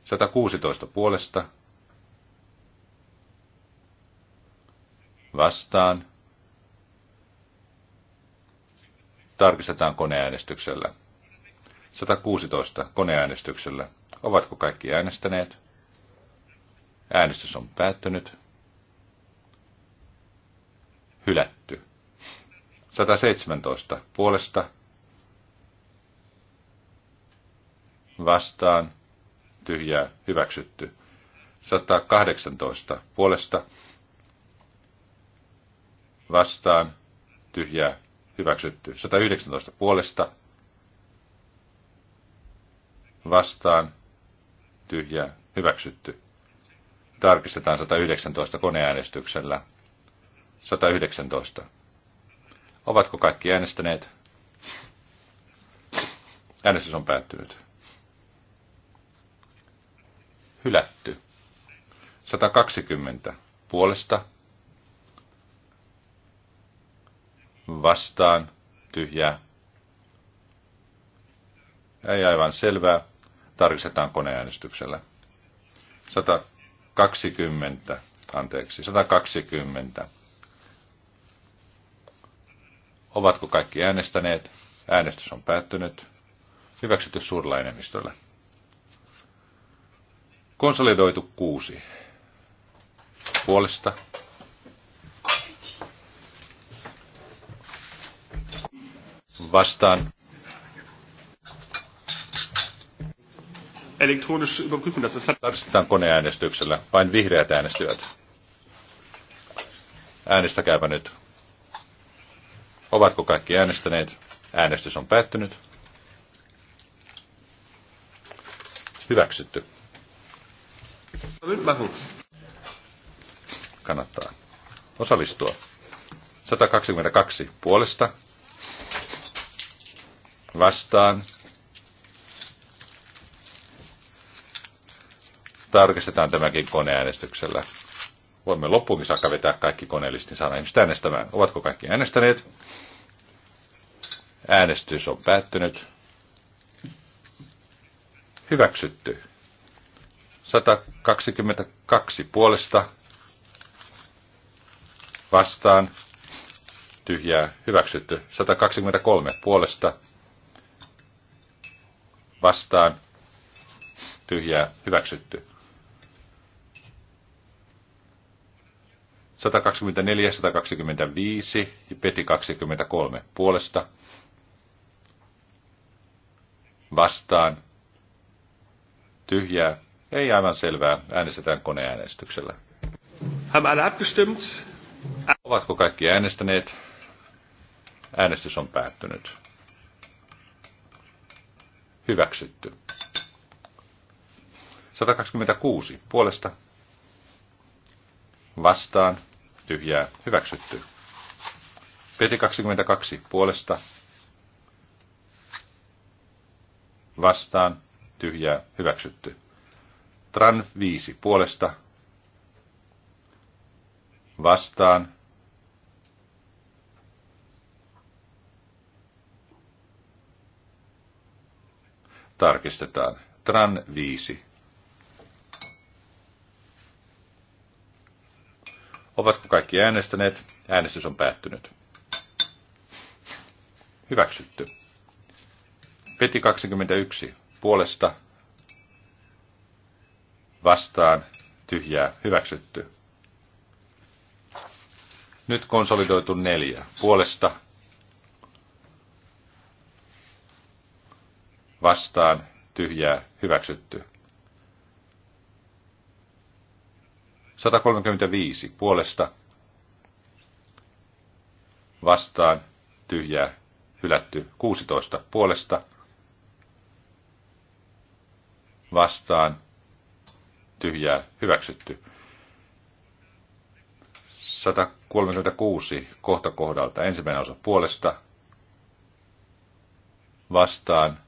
116 puolesta vastaan. Tarkistetaan koneäänestyksellä. 116 koneäänestyksellä. Ovatko kaikki äänestäneet? Äänestys on päättynyt. Hylätty. 117 puolesta. Vastaan. Tyhjää. Hyväksytty. 118 puolesta vastaan, tyhjää, hyväksytty. 119 puolesta, vastaan, tyhjää, hyväksytty. Tarkistetaan 119 koneäänestyksellä. 119. Ovatko kaikki äänestäneet? Äänestys on päättynyt. Hylätty. 120 puolesta vastaan, tyhjää. Ei aivan selvää. Tarkistetaan koneäänestyksellä. 120, anteeksi, 120. Ovatko kaikki äänestäneet? Äänestys on päättynyt. Hyväksytty suurella enemmistöllä. Konsolidoitu kuusi. Puolesta vastaan. Elektronische Tarkistetaan koneäänestyksellä. Vain vihreät äänestyvät. Äänestäkääpä nyt. Ovatko kaikki äänestäneet? Äänestys on päättynyt. Hyväksytty. Kannattaa osallistua. 122 puolesta vastaan. Tarkistetaan tämäkin koneäänestyksellä. Voimme loppuunkin saakka vetää kaikki koneellisesti saada ihmiset äänestämään. Ovatko kaikki äänestäneet? Äänestys on päättynyt. Hyväksytty. 122 puolesta vastaan tyhjää hyväksytty. 123 puolesta vastaan tyhjää hyväksytty. 124, 125 ja peti 23 puolesta vastaan tyhjää ei aivan selvää. Äänestetään koneäänestyksellä. Ovatko kaikki äänestäneet? Äänestys on päättynyt. Hyväksytty. 126. Puolesta. Vastaan. Tyhjää. Hyväksytty. Peti 22. Puolesta. Vastaan. Tyhjää. Hyväksytty. Tran 5. Puolesta. Vastaan. tarkistetaan. Tran 5. Ovatko kaikki äänestäneet? Äänestys on päättynyt. Hyväksytty. Peti 21. Puolesta. Vastaan. Tyhjää. Hyväksytty. Nyt konsolidoitu neljä. Puolesta vastaan tyhjää hyväksytty. 135 puolesta vastaan tyhjää hylätty 16 puolesta vastaan tyhjää hyväksytty. 136 kohta kohdalta ensimmäinen osa puolesta vastaan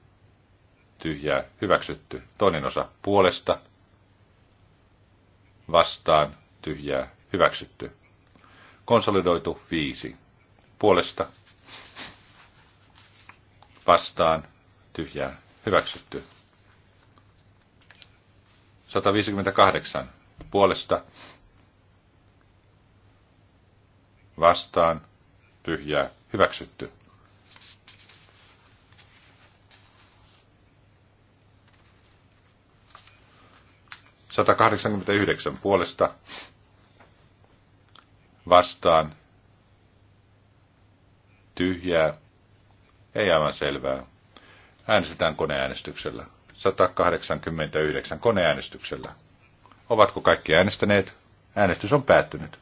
tyhjää, hyväksytty. Toinen osa puolesta, vastaan, tyhjää, hyväksytty. Konsolidoitu viisi. Puolesta, vastaan, tyhjää, hyväksytty. 158. Puolesta, vastaan, tyhjää, hyväksytty. 189 puolesta vastaan tyhjää, ei aivan selvää. Äänestetään koneäänestyksellä. 189 koneäänestyksellä. Ovatko kaikki äänestäneet? Äänestys on päättynyt.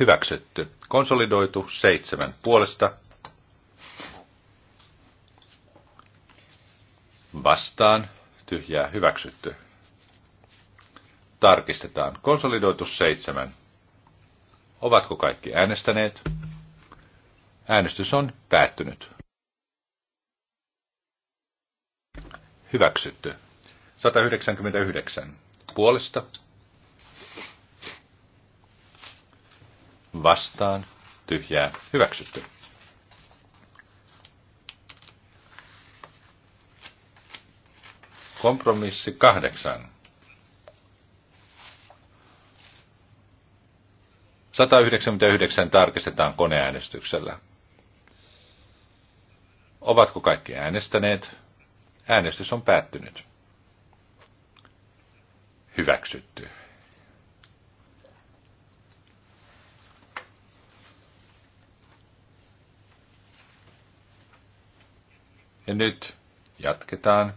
Hyväksytty. Konsolidoitu seitsemän puolesta. Vastaan tyhjää hyväksytty. Tarkistetaan. Konsolidoitu seitsemän. Ovatko kaikki äänestäneet? Äänestys on päättynyt. Hyväksytty. 199. Puolesta. Vastaan. Tyhjää. Hyväksytty. Kompromissi kahdeksan. 199 tarkistetaan koneäänestyksellä. Ovatko kaikki äänestäneet? Äänestys on päättynyt. Hyväksytty. Ja nyt jatketaan.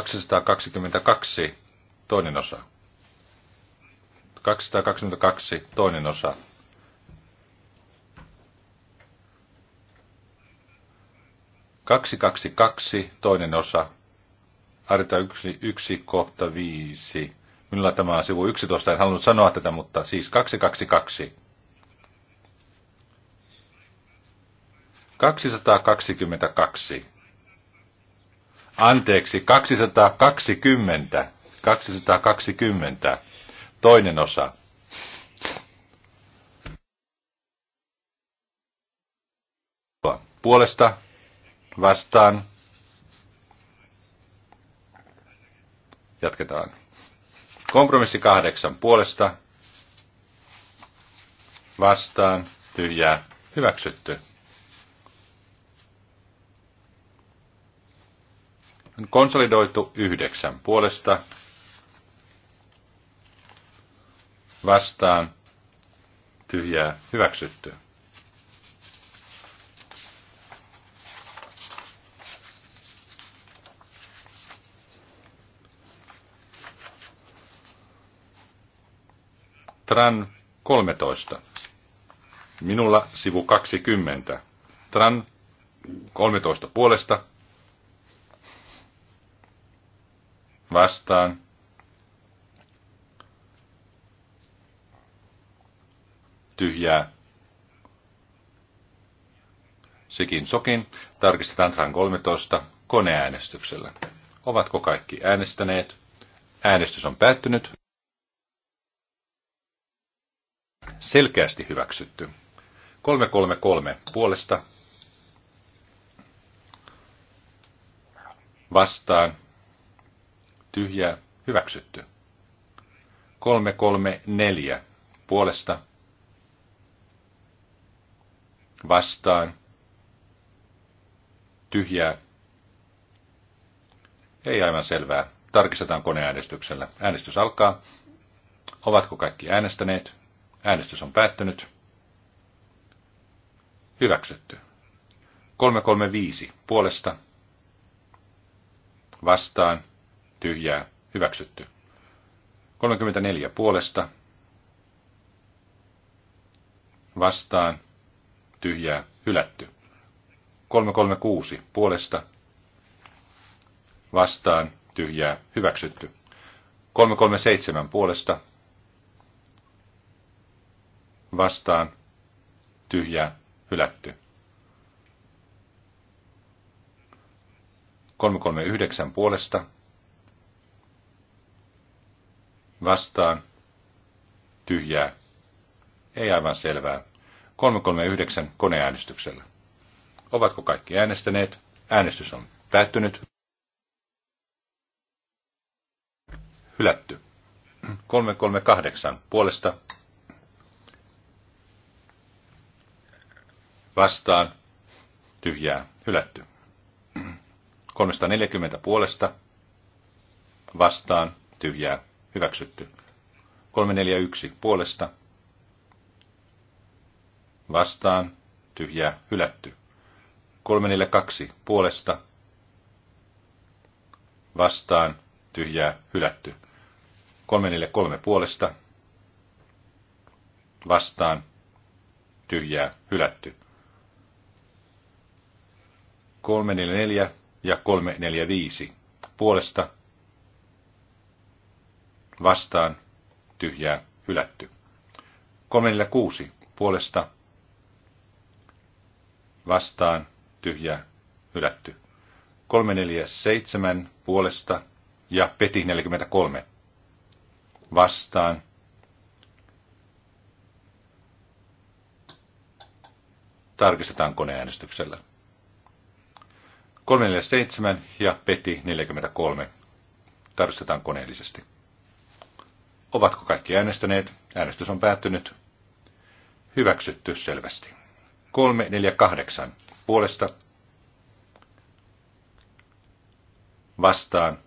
222 toinen osa. 222 toinen osa. 222 toinen osa. Arita yksi yksi, kohta viisi. Minulla tämä on sivu 11, en halunnut sanoa tätä, mutta siis 222. 222. Anteeksi, 220. 220. Toinen osa. Puolesta vastaan. Jatketaan. Kompromissi kahdeksan puolesta vastaan tyhjää hyväksytty. Konsolidoitu yhdeksän puolesta vastaan tyhjää hyväksyttyä. Tran 13. Minulla sivu 20. Tran 13 puolesta vastaan. Tyhjää. Sekin sokin tarkistetaan Tran 13 koneäänestyksellä. Ovatko kaikki äänestäneet? Äänestys on päättynyt. Selkeästi hyväksytty. 333 puolesta vastaan tyhjää, hyväksytty. 334 puolesta vastaan tyhjää. Ei aivan selvää. Tarkistetaan koneäänestyksellä. Äänestys alkaa. Ovatko kaikki äänestäneet? Äänestys on päättynyt. Hyväksytty. 335 puolesta vastaan tyhjää, hyväksytty. 34 puolesta, vastaan, tyhjää, hylätty. 336 puolesta, vastaan, tyhjää, hyväksytty. 337 puolesta, vastaan, tyhjää, hylätty. 339 puolesta, vastaan, tyhjää, ei aivan selvää. 339 koneäänestyksellä. Ovatko kaikki äänestäneet? Äänestys on päättynyt. Hylätty. 338 puolesta. Vastaan. Tyhjää. Hylätty. 340 puolesta. Vastaan. Tyhjää. Hyväksytty. 341 puolesta. Vastaan. Tyhjää. Hylätty. 342 puolesta. Vastaan. Tyhjää. Hylätty. 343 puolesta. Vastaan. Tyhjää. Hylätty. 344 ja 345 puolesta vastaan, tyhjää, hylätty. 346 puolesta, vastaan, tyhjää, hylätty. 347 puolesta ja Peti 43 vastaan. Tarkistetaan koneäänestyksellä. 347 ja Peti 43 tarkistetaan koneellisesti. Ovatko kaikki äänestäneet? Äänestys on päättynyt. Hyväksytty selvästi. 348 puolesta vastaan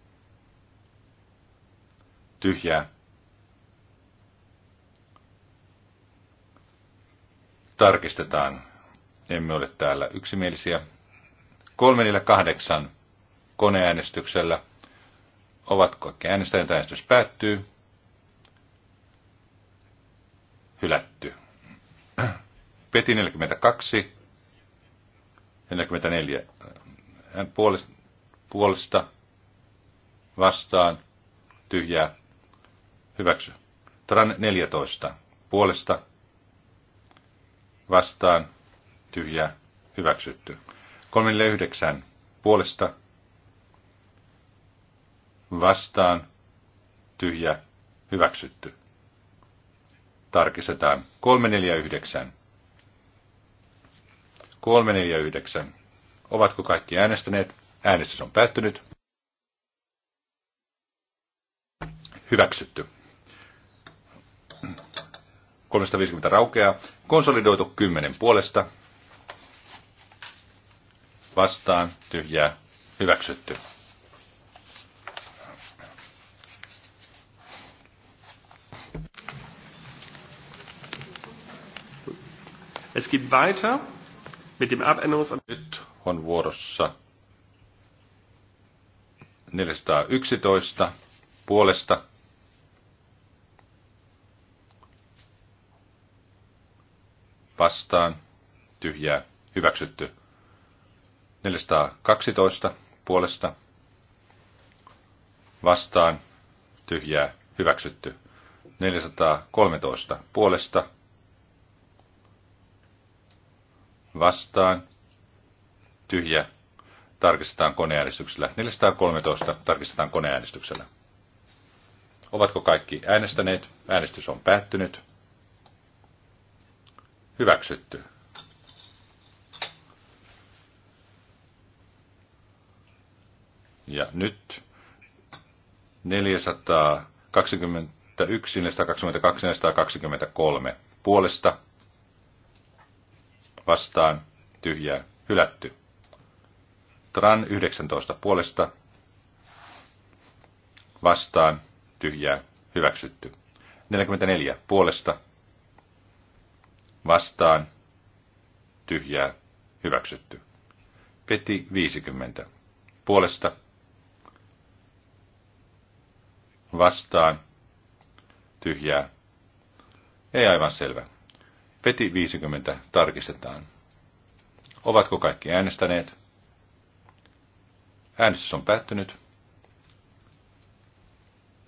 tyhjää. Tarkistetaan. Emme ole täällä yksimielisiä. 348 koneäänestyksellä. Ovatko kaikki äänestäjät? Äänestys päättyy hylätty. Peti 42, 44. Hän puolesta vastaan tyhjää hyväksy. Tran 14. Puolesta vastaan tyhjää hyväksytty. 39. Puolesta vastaan tyhjä hyväksytty tarkistetaan. 349. 349. Ovatko kaikki äänestäneet? Äänestys on päättynyt. Hyväksytty. 350 raukeaa. Konsolidoitu 10 puolesta. Vastaan tyhjää. Hyväksytty. Es geht weiter mit dem Abänderungsantrag. Nyt on vuorossa 411 puolesta vastaan tyhjää hyväksytty. 412 puolesta vastaan tyhjää hyväksytty. 413 puolesta vastaan, tyhjä, tarkistetaan koneäänestyksellä. 413 tarkistetaan koneäänestyksellä. Ovatko kaikki äänestäneet? Äänestys on päättynyt. Hyväksytty. Ja nyt 421, 422, 423 puolesta vastaan tyhjää hylätty. Tran 19 puolesta vastaan tyhjää hyväksytty. 44 puolesta vastaan tyhjää hyväksytty. Peti 50 puolesta vastaan tyhjää ei aivan selvä. Peti 50 tarkistetaan. Ovatko kaikki äänestäneet? Äänestys on päättynyt.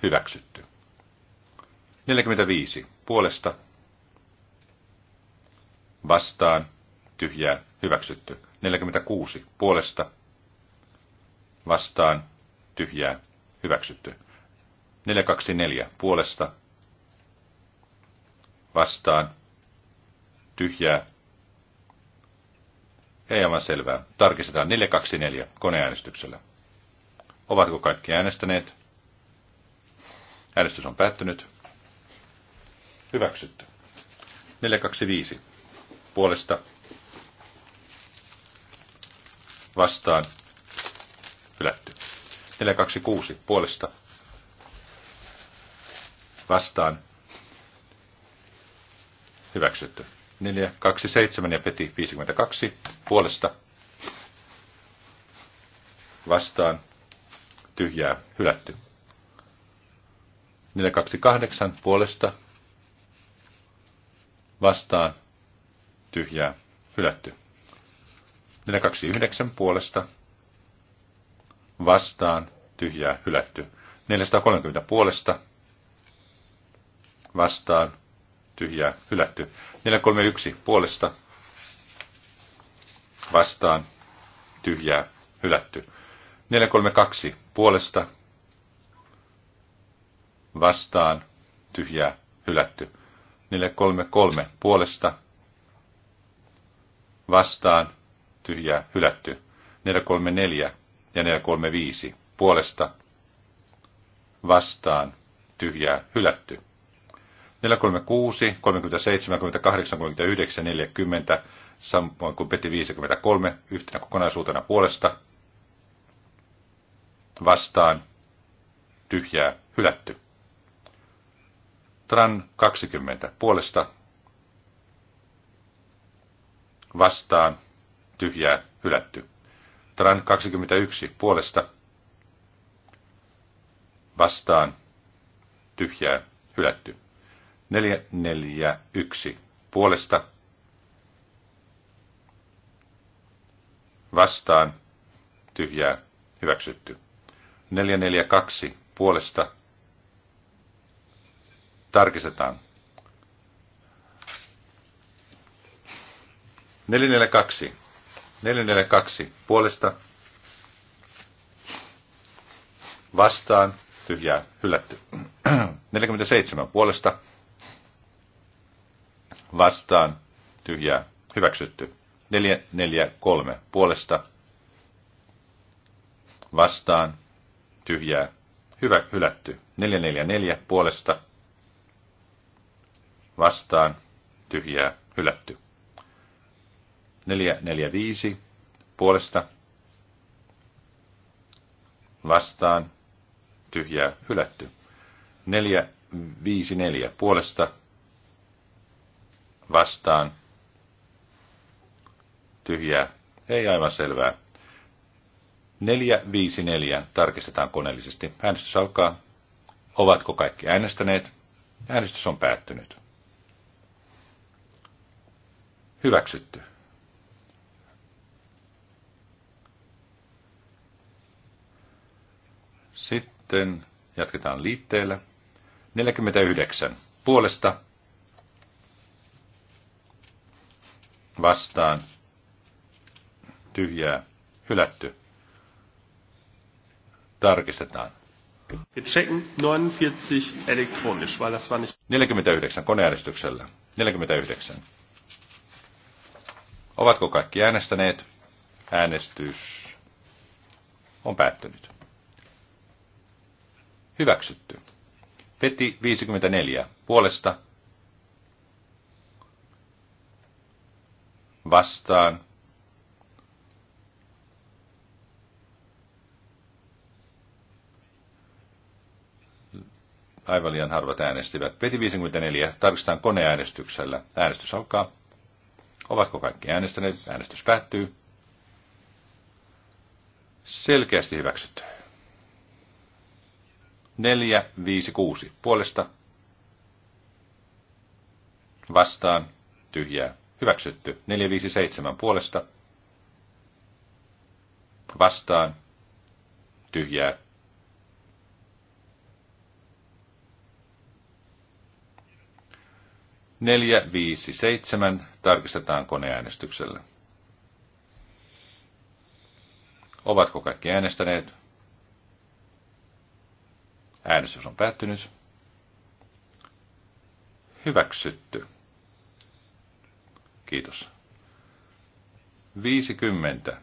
Hyväksytty. 45. Puolesta. Vastaan. Tyhjää. Hyväksytty. 46. Puolesta. Vastaan. Tyhjää. Hyväksytty. 424. Puolesta. Vastaan tyhjää. Ei aivan selvää. Tarkistetaan 424 koneäänestyksellä. Ovatko kaikki äänestäneet? Äänestys on päättynyt. Hyväksytty. 425 puolesta vastaan hylätty. 426 puolesta vastaan hyväksytty. 427 ja Peti 52 puolesta vastaan tyhjää hylätty. 428 puolesta vastaan tyhjää hylätty. 429 puolesta vastaan tyhjää hylätty. 430 puolesta vastaan tyhjää hylätty. 431 puolesta vastaan tyhjää hylätty. 432 puolesta vastaan tyhjää hylätty. 433 puolesta vastaan tyhjää hylätty. 434 ja 435 puolesta vastaan tyhjää hylätty. 436, 37, 38, 39, 40, samoin kuin Peti 53 yhtenä kokonaisuutena puolesta. Vastaan tyhjää hylätty. Tran 20 puolesta vastaan tyhjää hylätty. Tran 21 puolesta vastaan tyhjää hylätty. 441 puolesta vastaan tyhjää hyväksytty. 442 puolesta tarkistetaan. 442. 442 puolesta vastaan tyhjää hylätty. 47 puolesta vastaan, tyhjää, hyväksytty. 3, puolesta, vastaan, tyhjää, hyvä, hylätty. 4, puolesta, vastaan, tyhjää, hylätty. 5, puolesta, vastaan, tyhjää, hylätty. 4, puolesta, vastaan. Tyhjää. Ei aivan selvää. 454 tarkistetaan koneellisesti. Äänestys alkaa. Ovatko kaikki äänestäneet? Äänestys on päättynyt. Hyväksytty. Sitten jatketaan liitteellä. 49. Puolesta vastaan tyhjää hylätty. Tarkistetaan. 49 49 koneäänestyksellä. 49. Ovatko kaikki äänestäneet? Äänestys on päättynyt. Hyväksytty. Peti 54. Puolesta vastaan. Aivan liian harvat äänestivät. Peti 54. Tarkistetaan koneäänestyksellä. Äänestys alkaa. Ovatko kaikki äänestäneet? Äänestys päättyy. Selkeästi hyväksytty. 4, 5, 6. Puolesta. Vastaan. Tyhjää. Hyväksytty. 457 puolesta. Vastaan. Tyhjää. Neljä, viisi, seitsemän tarkistetaan koneäänestyksellä. Ovatko kaikki äänestäneet? Äänestys on päättynyt. Hyväksytty. Kiitos. 50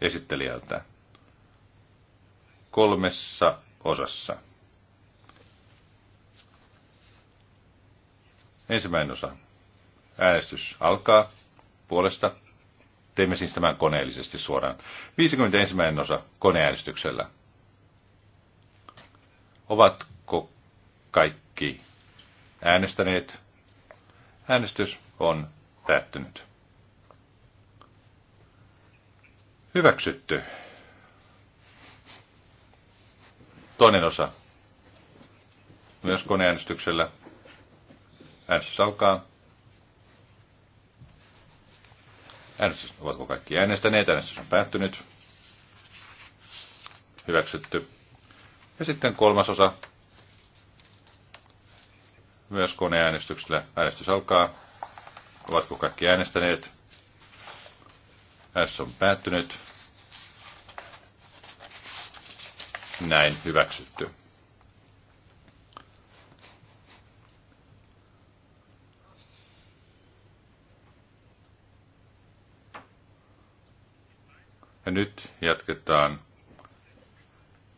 esittelijältä kolmessa osassa. Ensimmäinen osa. Äänestys alkaa puolesta. Teemme siis tämän koneellisesti suoraan. 51. osa koneäänestyksellä. Ovatko kaikki äänestäneet? Äänestys on Päättynyt. Hyväksytty. Toinen osa. Myös koneäänestyksellä. Äänestys alkaa. Äänestys, ovatko kaikki äänestäneet? Äänestys on päättynyt. Hyväksytty. Ja sitten kolmas osa. Myös koneäänestyksellä. Äänestys alkaa. Ovatko kaikki äänestäneet? S on päättynyt. Näin hyväksytty. Ja nyt jatketaan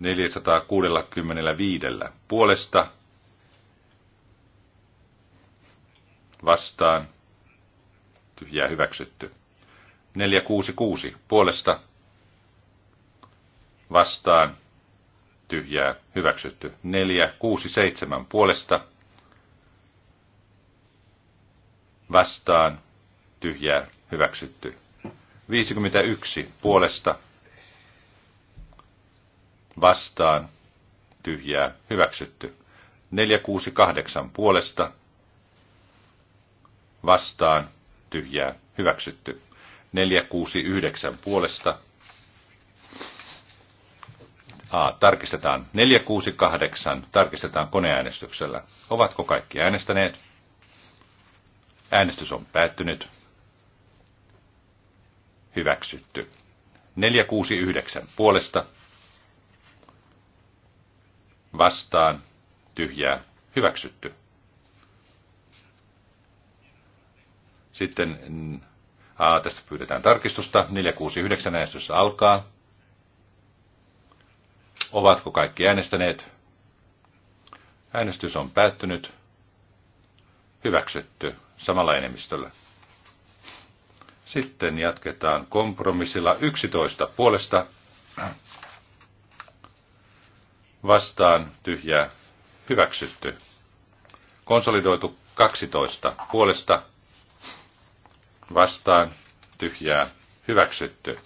465 puolesta vastaan tyhjää hyväksytty. 466 puolesta vastaan tyhjää hyväksytty. 467 puolesta vastaan tyhjää hyväksytty. 51 puolesta vastaan tyhjää hyväksytty. 468 puolesta vastaan tyhjää hyväksytty. 469 puolesta. A. Tarkistetaan 468. Tarkistetaan koneäänestyksellä. Ovatko kaikki äänestäneet? Äänestys on päättynyt. Hyväksytty. 469 puolesta. Vastaan. Tyhjää. Hyväksytty. Sitten mm, a, tästä pyydetään tarkistusta. 469 äänestys alkaa. Ovatko kaikki äänestäneet? Äänestys on päättynyt. Hyväksytty samalla enemmistöllä. Sitten jatketaan kompromissilla 11 puolesta. Vastaan tyhjää hyväksytty. Konsolidoitu 12 puolesta vastaan tyhjää hyväksytty.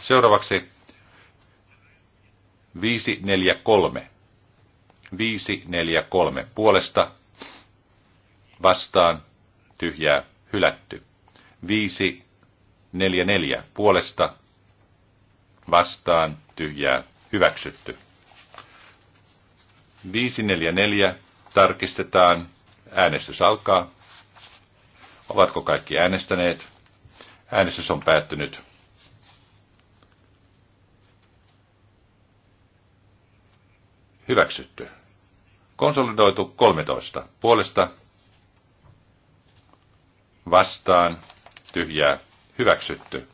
Seuraavaksi 543. 543 puolesta vastaan tyhjää hylätty. 544 puolesta vastaan tyhjää hyväksytty. 544 tarkistetaan. Äänestys alkaa. Ovatko kaikki äänestäneet? Äänestys on päättynyt. Hyväksytty. Konsolidoitu 13. Puolesta vastaan tyhjää hyväksytty.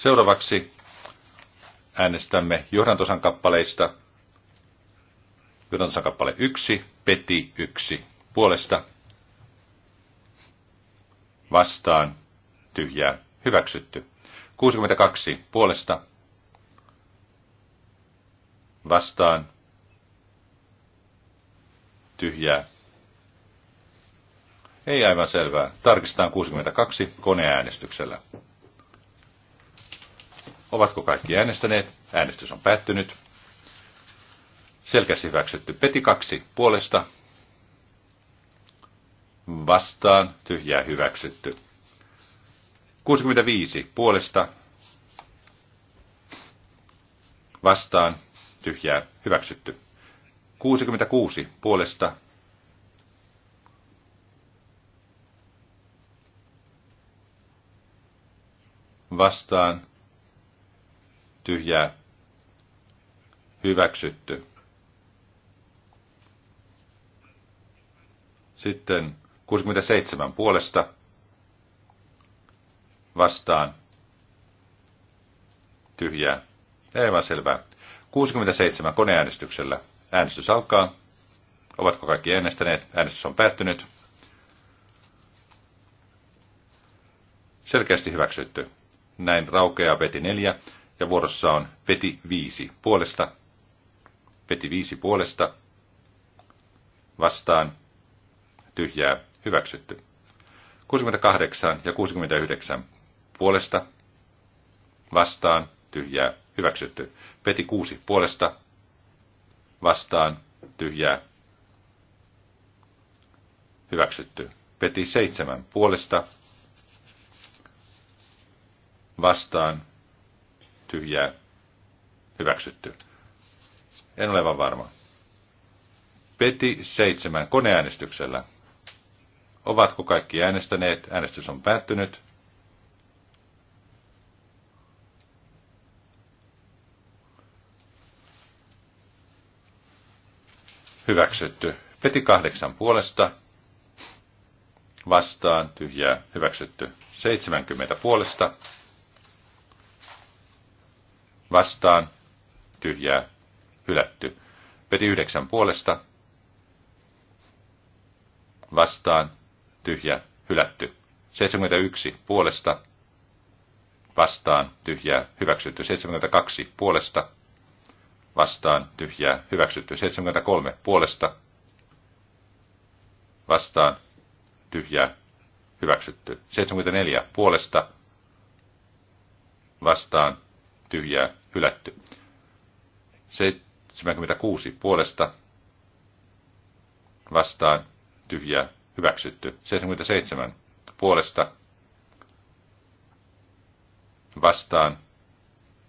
Seuraavaksi äänestämme johdantosan kappaleista. Johdantosan kappale 1, peti 1. Puolesta vastaan tyhjää hyväksytty. 62 puolesta vastaan tyhjää. Ei aivan selvää. Tarkistetaan 62 koneäänestyksellä. Ovatko kaikki äänestäneet? Äänestys on päättynyt. Selkäsi hyväksytty. Peti kaksi puolesta. Vastaan. Tyhjää hyväksytty. 65 puolesta. Vastaan. Tyhjää hyväksytty. 66 puolesta. Vastaan tyhjää hyväksytty. Sitten 67 puolesta vastaan tyhjää. ei vaan selvää. 67 koneäänestyksellä. Äänestys alkaa. Ovatko kaikki äänestäneet? Äänestys on päättynyt. Selkeästi hyväksytty. Näin raukeaa veti neljä ja vuorossa on Peti 5 puolesta. Peti 5 puolesta vastaan tyhjää hyväksytty. 68 ja 69 puolesta vastaan tyhjää hyväksytty. Peti 6 puolesta vastaan tyhjää hyväksytty. Peti 7 puolesta vastaan tyhjää hyväksytty. En ole vaan varma. Peti seitsemän koneäänestyksellä. Ovatko kaikki äänestäneet? Äänestys on päättynyt. Hyväksytty. Peti kahdeksan puolesta. Vastaan tyhjää. Hyväksytty. 70 puolesta vastaan, tyhjää, hylätty. Peti yhdeksän puolesta, vastaan, tyhjä, hylätty. 71 puolesta, vastaan, tyhjää, hyväksytty. 72 puolesta, vastaan, tyhjää, hyväksytty. 73 puolesta, vastaan, tyhjää, hyväksytty. 74 puolesta, vastaan, tyhjää hylätty. 76 puolesta vastaan tyhjää hyväksytty. 77 puolesta vastaan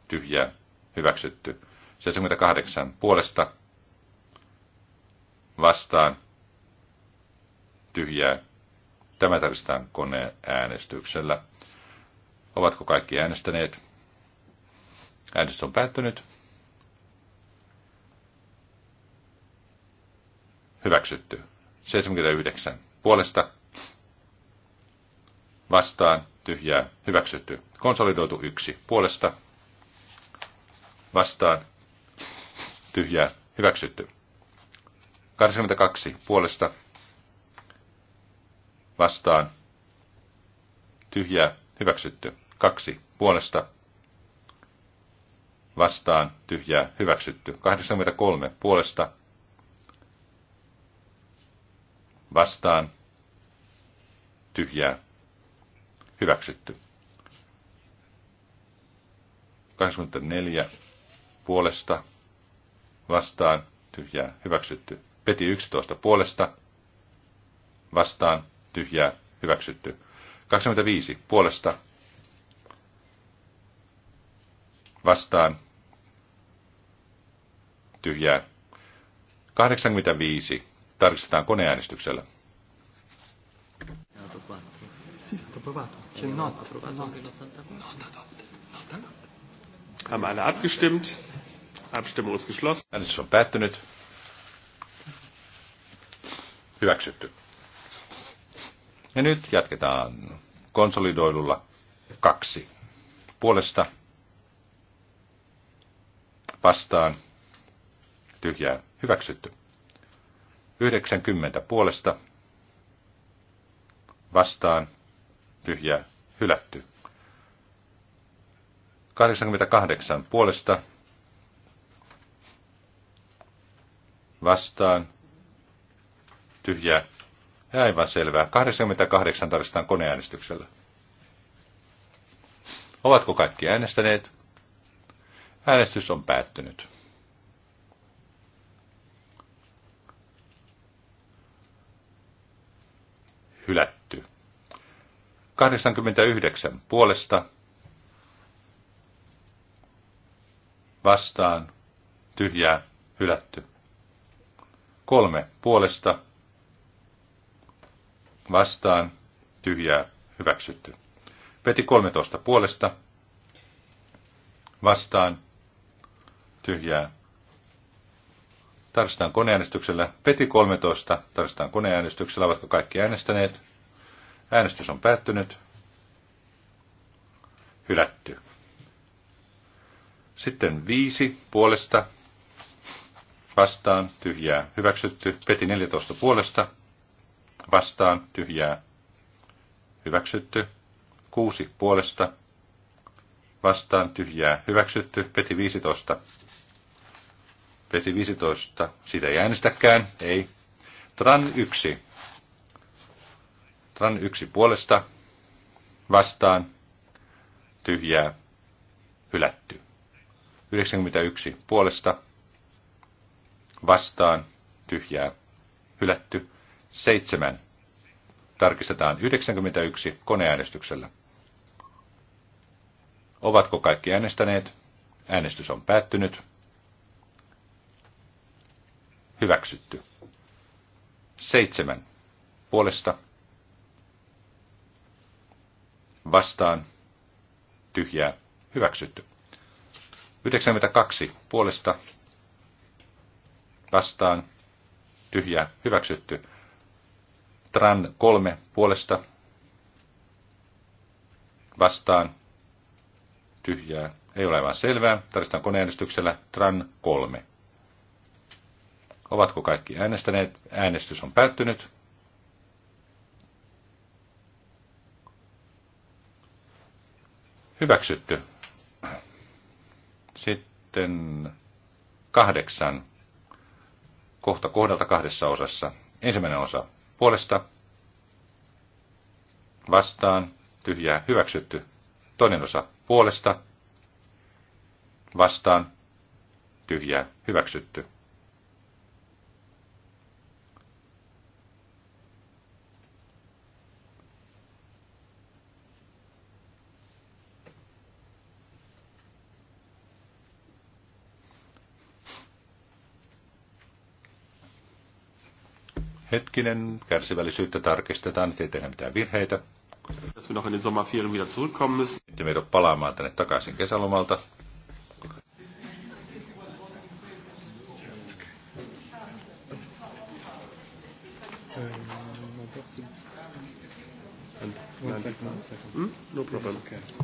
tyhjää hyväksytty. 78 puolesta vastaan tyhjää. Tämä tarvitaan koneäänestyksellä. Ovatko kaikki äänestäneet? Äänestys on päättynyt. Hyväksytty. 79. Puolesta. Vastaan. Tyhjää. Hyväksytty. Konsolidoitu yksi, Puolesta. Vastaan. Tyhjää. Hyväksytty. 82. Puolesta. Vastaan. Tyhjää. Hyväksytty. Kaksi, Puolesta vastaan tyhjää hyväksytty. 83 puolesta vastaan tyhjää hyväksytty. 84 puolesta vastaan tyhjää hyväksytty. Peti 11 puolesta vastaan tyhjää hyväksytty. 25 puolesta vastaan tyhjää. 85 tarkistetaan koneäänestyksellä. Siis Haben alle abgestimmt? Abstimmung ist geschlossen. Äänestys on päättynyt. Hyväksytty. Ja nyt jatketaan konsolidoidulla kaksi. Puolesta vastaan tyhjää hyväksytty. 90 puolesta vastaan tyhjää hylätty. 88 puolesta vastaan tyhjää ja aivan selvää. 88 tarvitaan koneäänestyksellä. Ovatko kaikki äänestäneet? Äänestys on päättynyt. Hylätty. 89 puolesta vastaan tyhjää hylätty. Kolme puolesta vastaan tyhjää hyväksytty. Peti 13 puolesta vastaan tyhjää. Tarkistetaan koneäänestyksellä. Peti 13. Tarkistetaan koneäänestyksellä. Ovatko kaikki äänestäneet? Äänestys on päättynyt. Hylätty. Sitten viisi puolesta vastaan tyhjää hyväksytty. Peti 14 puolesta vastaan tyhjää hyväksytty. Kuusi puolesta vastaan tyhjää hyväksytty. Peti 15 Peti 15, sitä ei äänestäkään, ei. Tran 1. Tran 1 puolesta, vastaan, tyhjää, hylätty. 91 puolesta, vastaan, tyhjää, hylätty. 7. Tarkistetaan 91 koneäänestyksellä. Ovatko kaikki äänestäneet? Äänestys on päättynyt. Hyväksytty. Seitsemän. Puolesta. Vastaan. Tyhjää. Hyväksytty. 92. Puolesta. Vastaan. Tyhjää. Hyväksytty. Tran kolme Puolesta. Vastaan. Tyhjää. Ei ole aivan selvää. Tarvitaan koneäänestyksellä Tran kolme. Ovatko kaikki äänestäneet? Äänestys on päättynyt. Hyväksytty. Sitten kahdeksan. Kohta kohdalta kahdessa osassa. Ensimmäinen osa puolesta. Vastaan. Tyhjää. Hyväksytty. Toinen osa puolesta. Vastaan. Tyhjää. Hyväksytty. Hetkinen, kärsivällisyyttä tarkistetaan, ettei tehdä mitään virheitä. Dass wir noch in den Sommerferien wieder zurückkommen müssen. Sitten meidät palaamaan tänne takaisin kesälomalta. Hmm? No problem. Okay.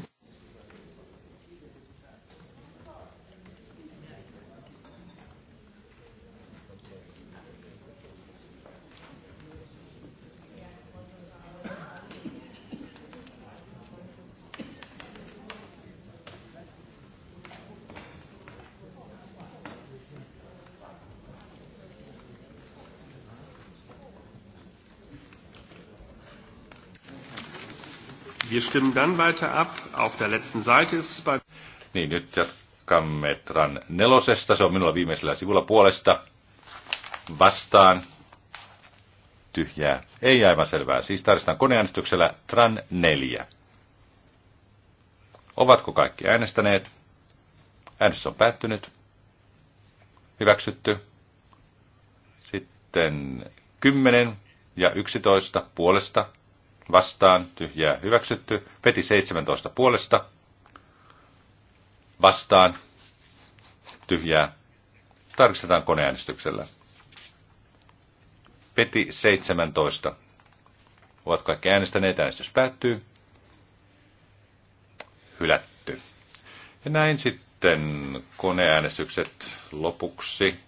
stimmen dann weiter ab. Auf der letzten Seite ist es bei... Niin, nyt jatkamme Tran nelosesta. Se on minulla viimeisellä sivulla puolesta. Vastaan. Tyhjää. Ei aivan selvää. Siis tarvitaan koneäänestyksellä Tran 4. Ovatko kaikki äänestäneet? Äänestys on päättynyt. Hyväksytty. Sitten 10 ja 11 puolesta vastaan, tyhjää hyväksytty. Peti 17 puolesta, vastaan, tyhjää. Tarkistetaan koneäänestyksellä. Peti 17. Ovat kaikki äänestäneet, äänestys päättyy. Hylätty. Ja näin sitten koneäänestykset lopuksi.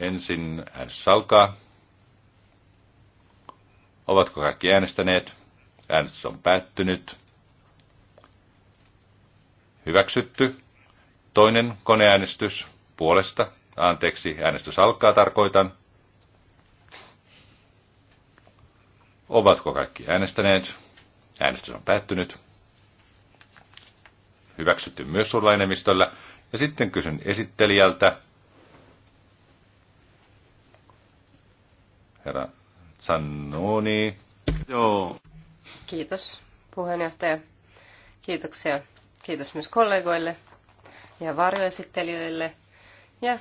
Ensin äänestys alkaa. Ovatko kaikki äänestäneet? Äänestys on päättynyt. Hyväksytty. Toinen koneäänestys puolesta. Anteeksi, äänestys alkaa tarkoitan. Ovatko kaikki äänestäneet? Äänestys on päättynyt. Hyväksytty myös sulla enemmistöllä. Ja sitten kysyn esittelijältä. Herra Sanoni Joo. Kiitos puheenjohtaja. Kiitoksia. Kiitos myös kollegoille ja varjoesittelijöille ja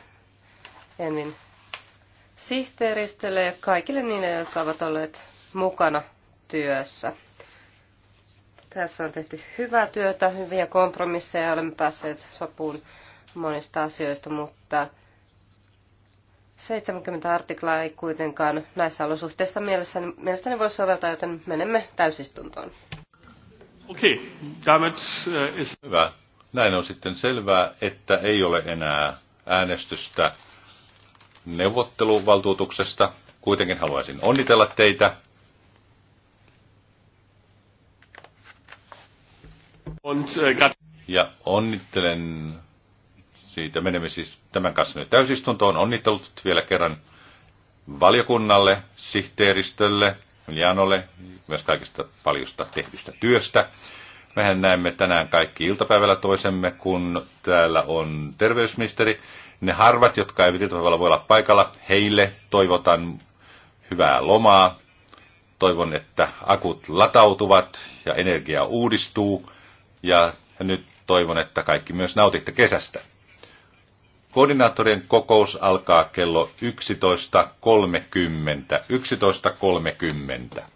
Emin sihteeristölle ja kaikille niille, jotka ovat olleet mukana työssä. Tässä on tehty hyvää työtä, hyviä kompromisseja ja olemme päässeet sopuun monista asioista, mutta 70 artiklaa ei kuitenkaan näissä olosuhteissa mielessä, mielestäni voi soveltaa, joten menemme täysistuntoon. Okei, okay. damit eh, is... Hyvä. Näin on sitten selvää, että ei ole enää äänestystä neuvotteluvaltuutuksesta. Kuitenkin haluaisin onnitella teitä. Und, äh, ja onnittelen siitä menemme siis tämän kanssa nyt täysistuntoon. Onnittelut vielä kerran valiokunnalle, sihteeristölle, Janolle, myös kaikista paljosta tehdystä työstä. Mehän näemme tänään kaikki iltapäivällä toisemme, kun täällä on terveysministeri. Ne harvat, jotka eivät iltapäivällä voi olla paikalla, heille toivotan hyvää lomaa. Toivon, että akut latautuvat ja energia uudistuu. Ja nyt toivon, että kaikki myös nautitte kesästä. Koordinaattorien kokous alkaa kello 11.30. 11.30.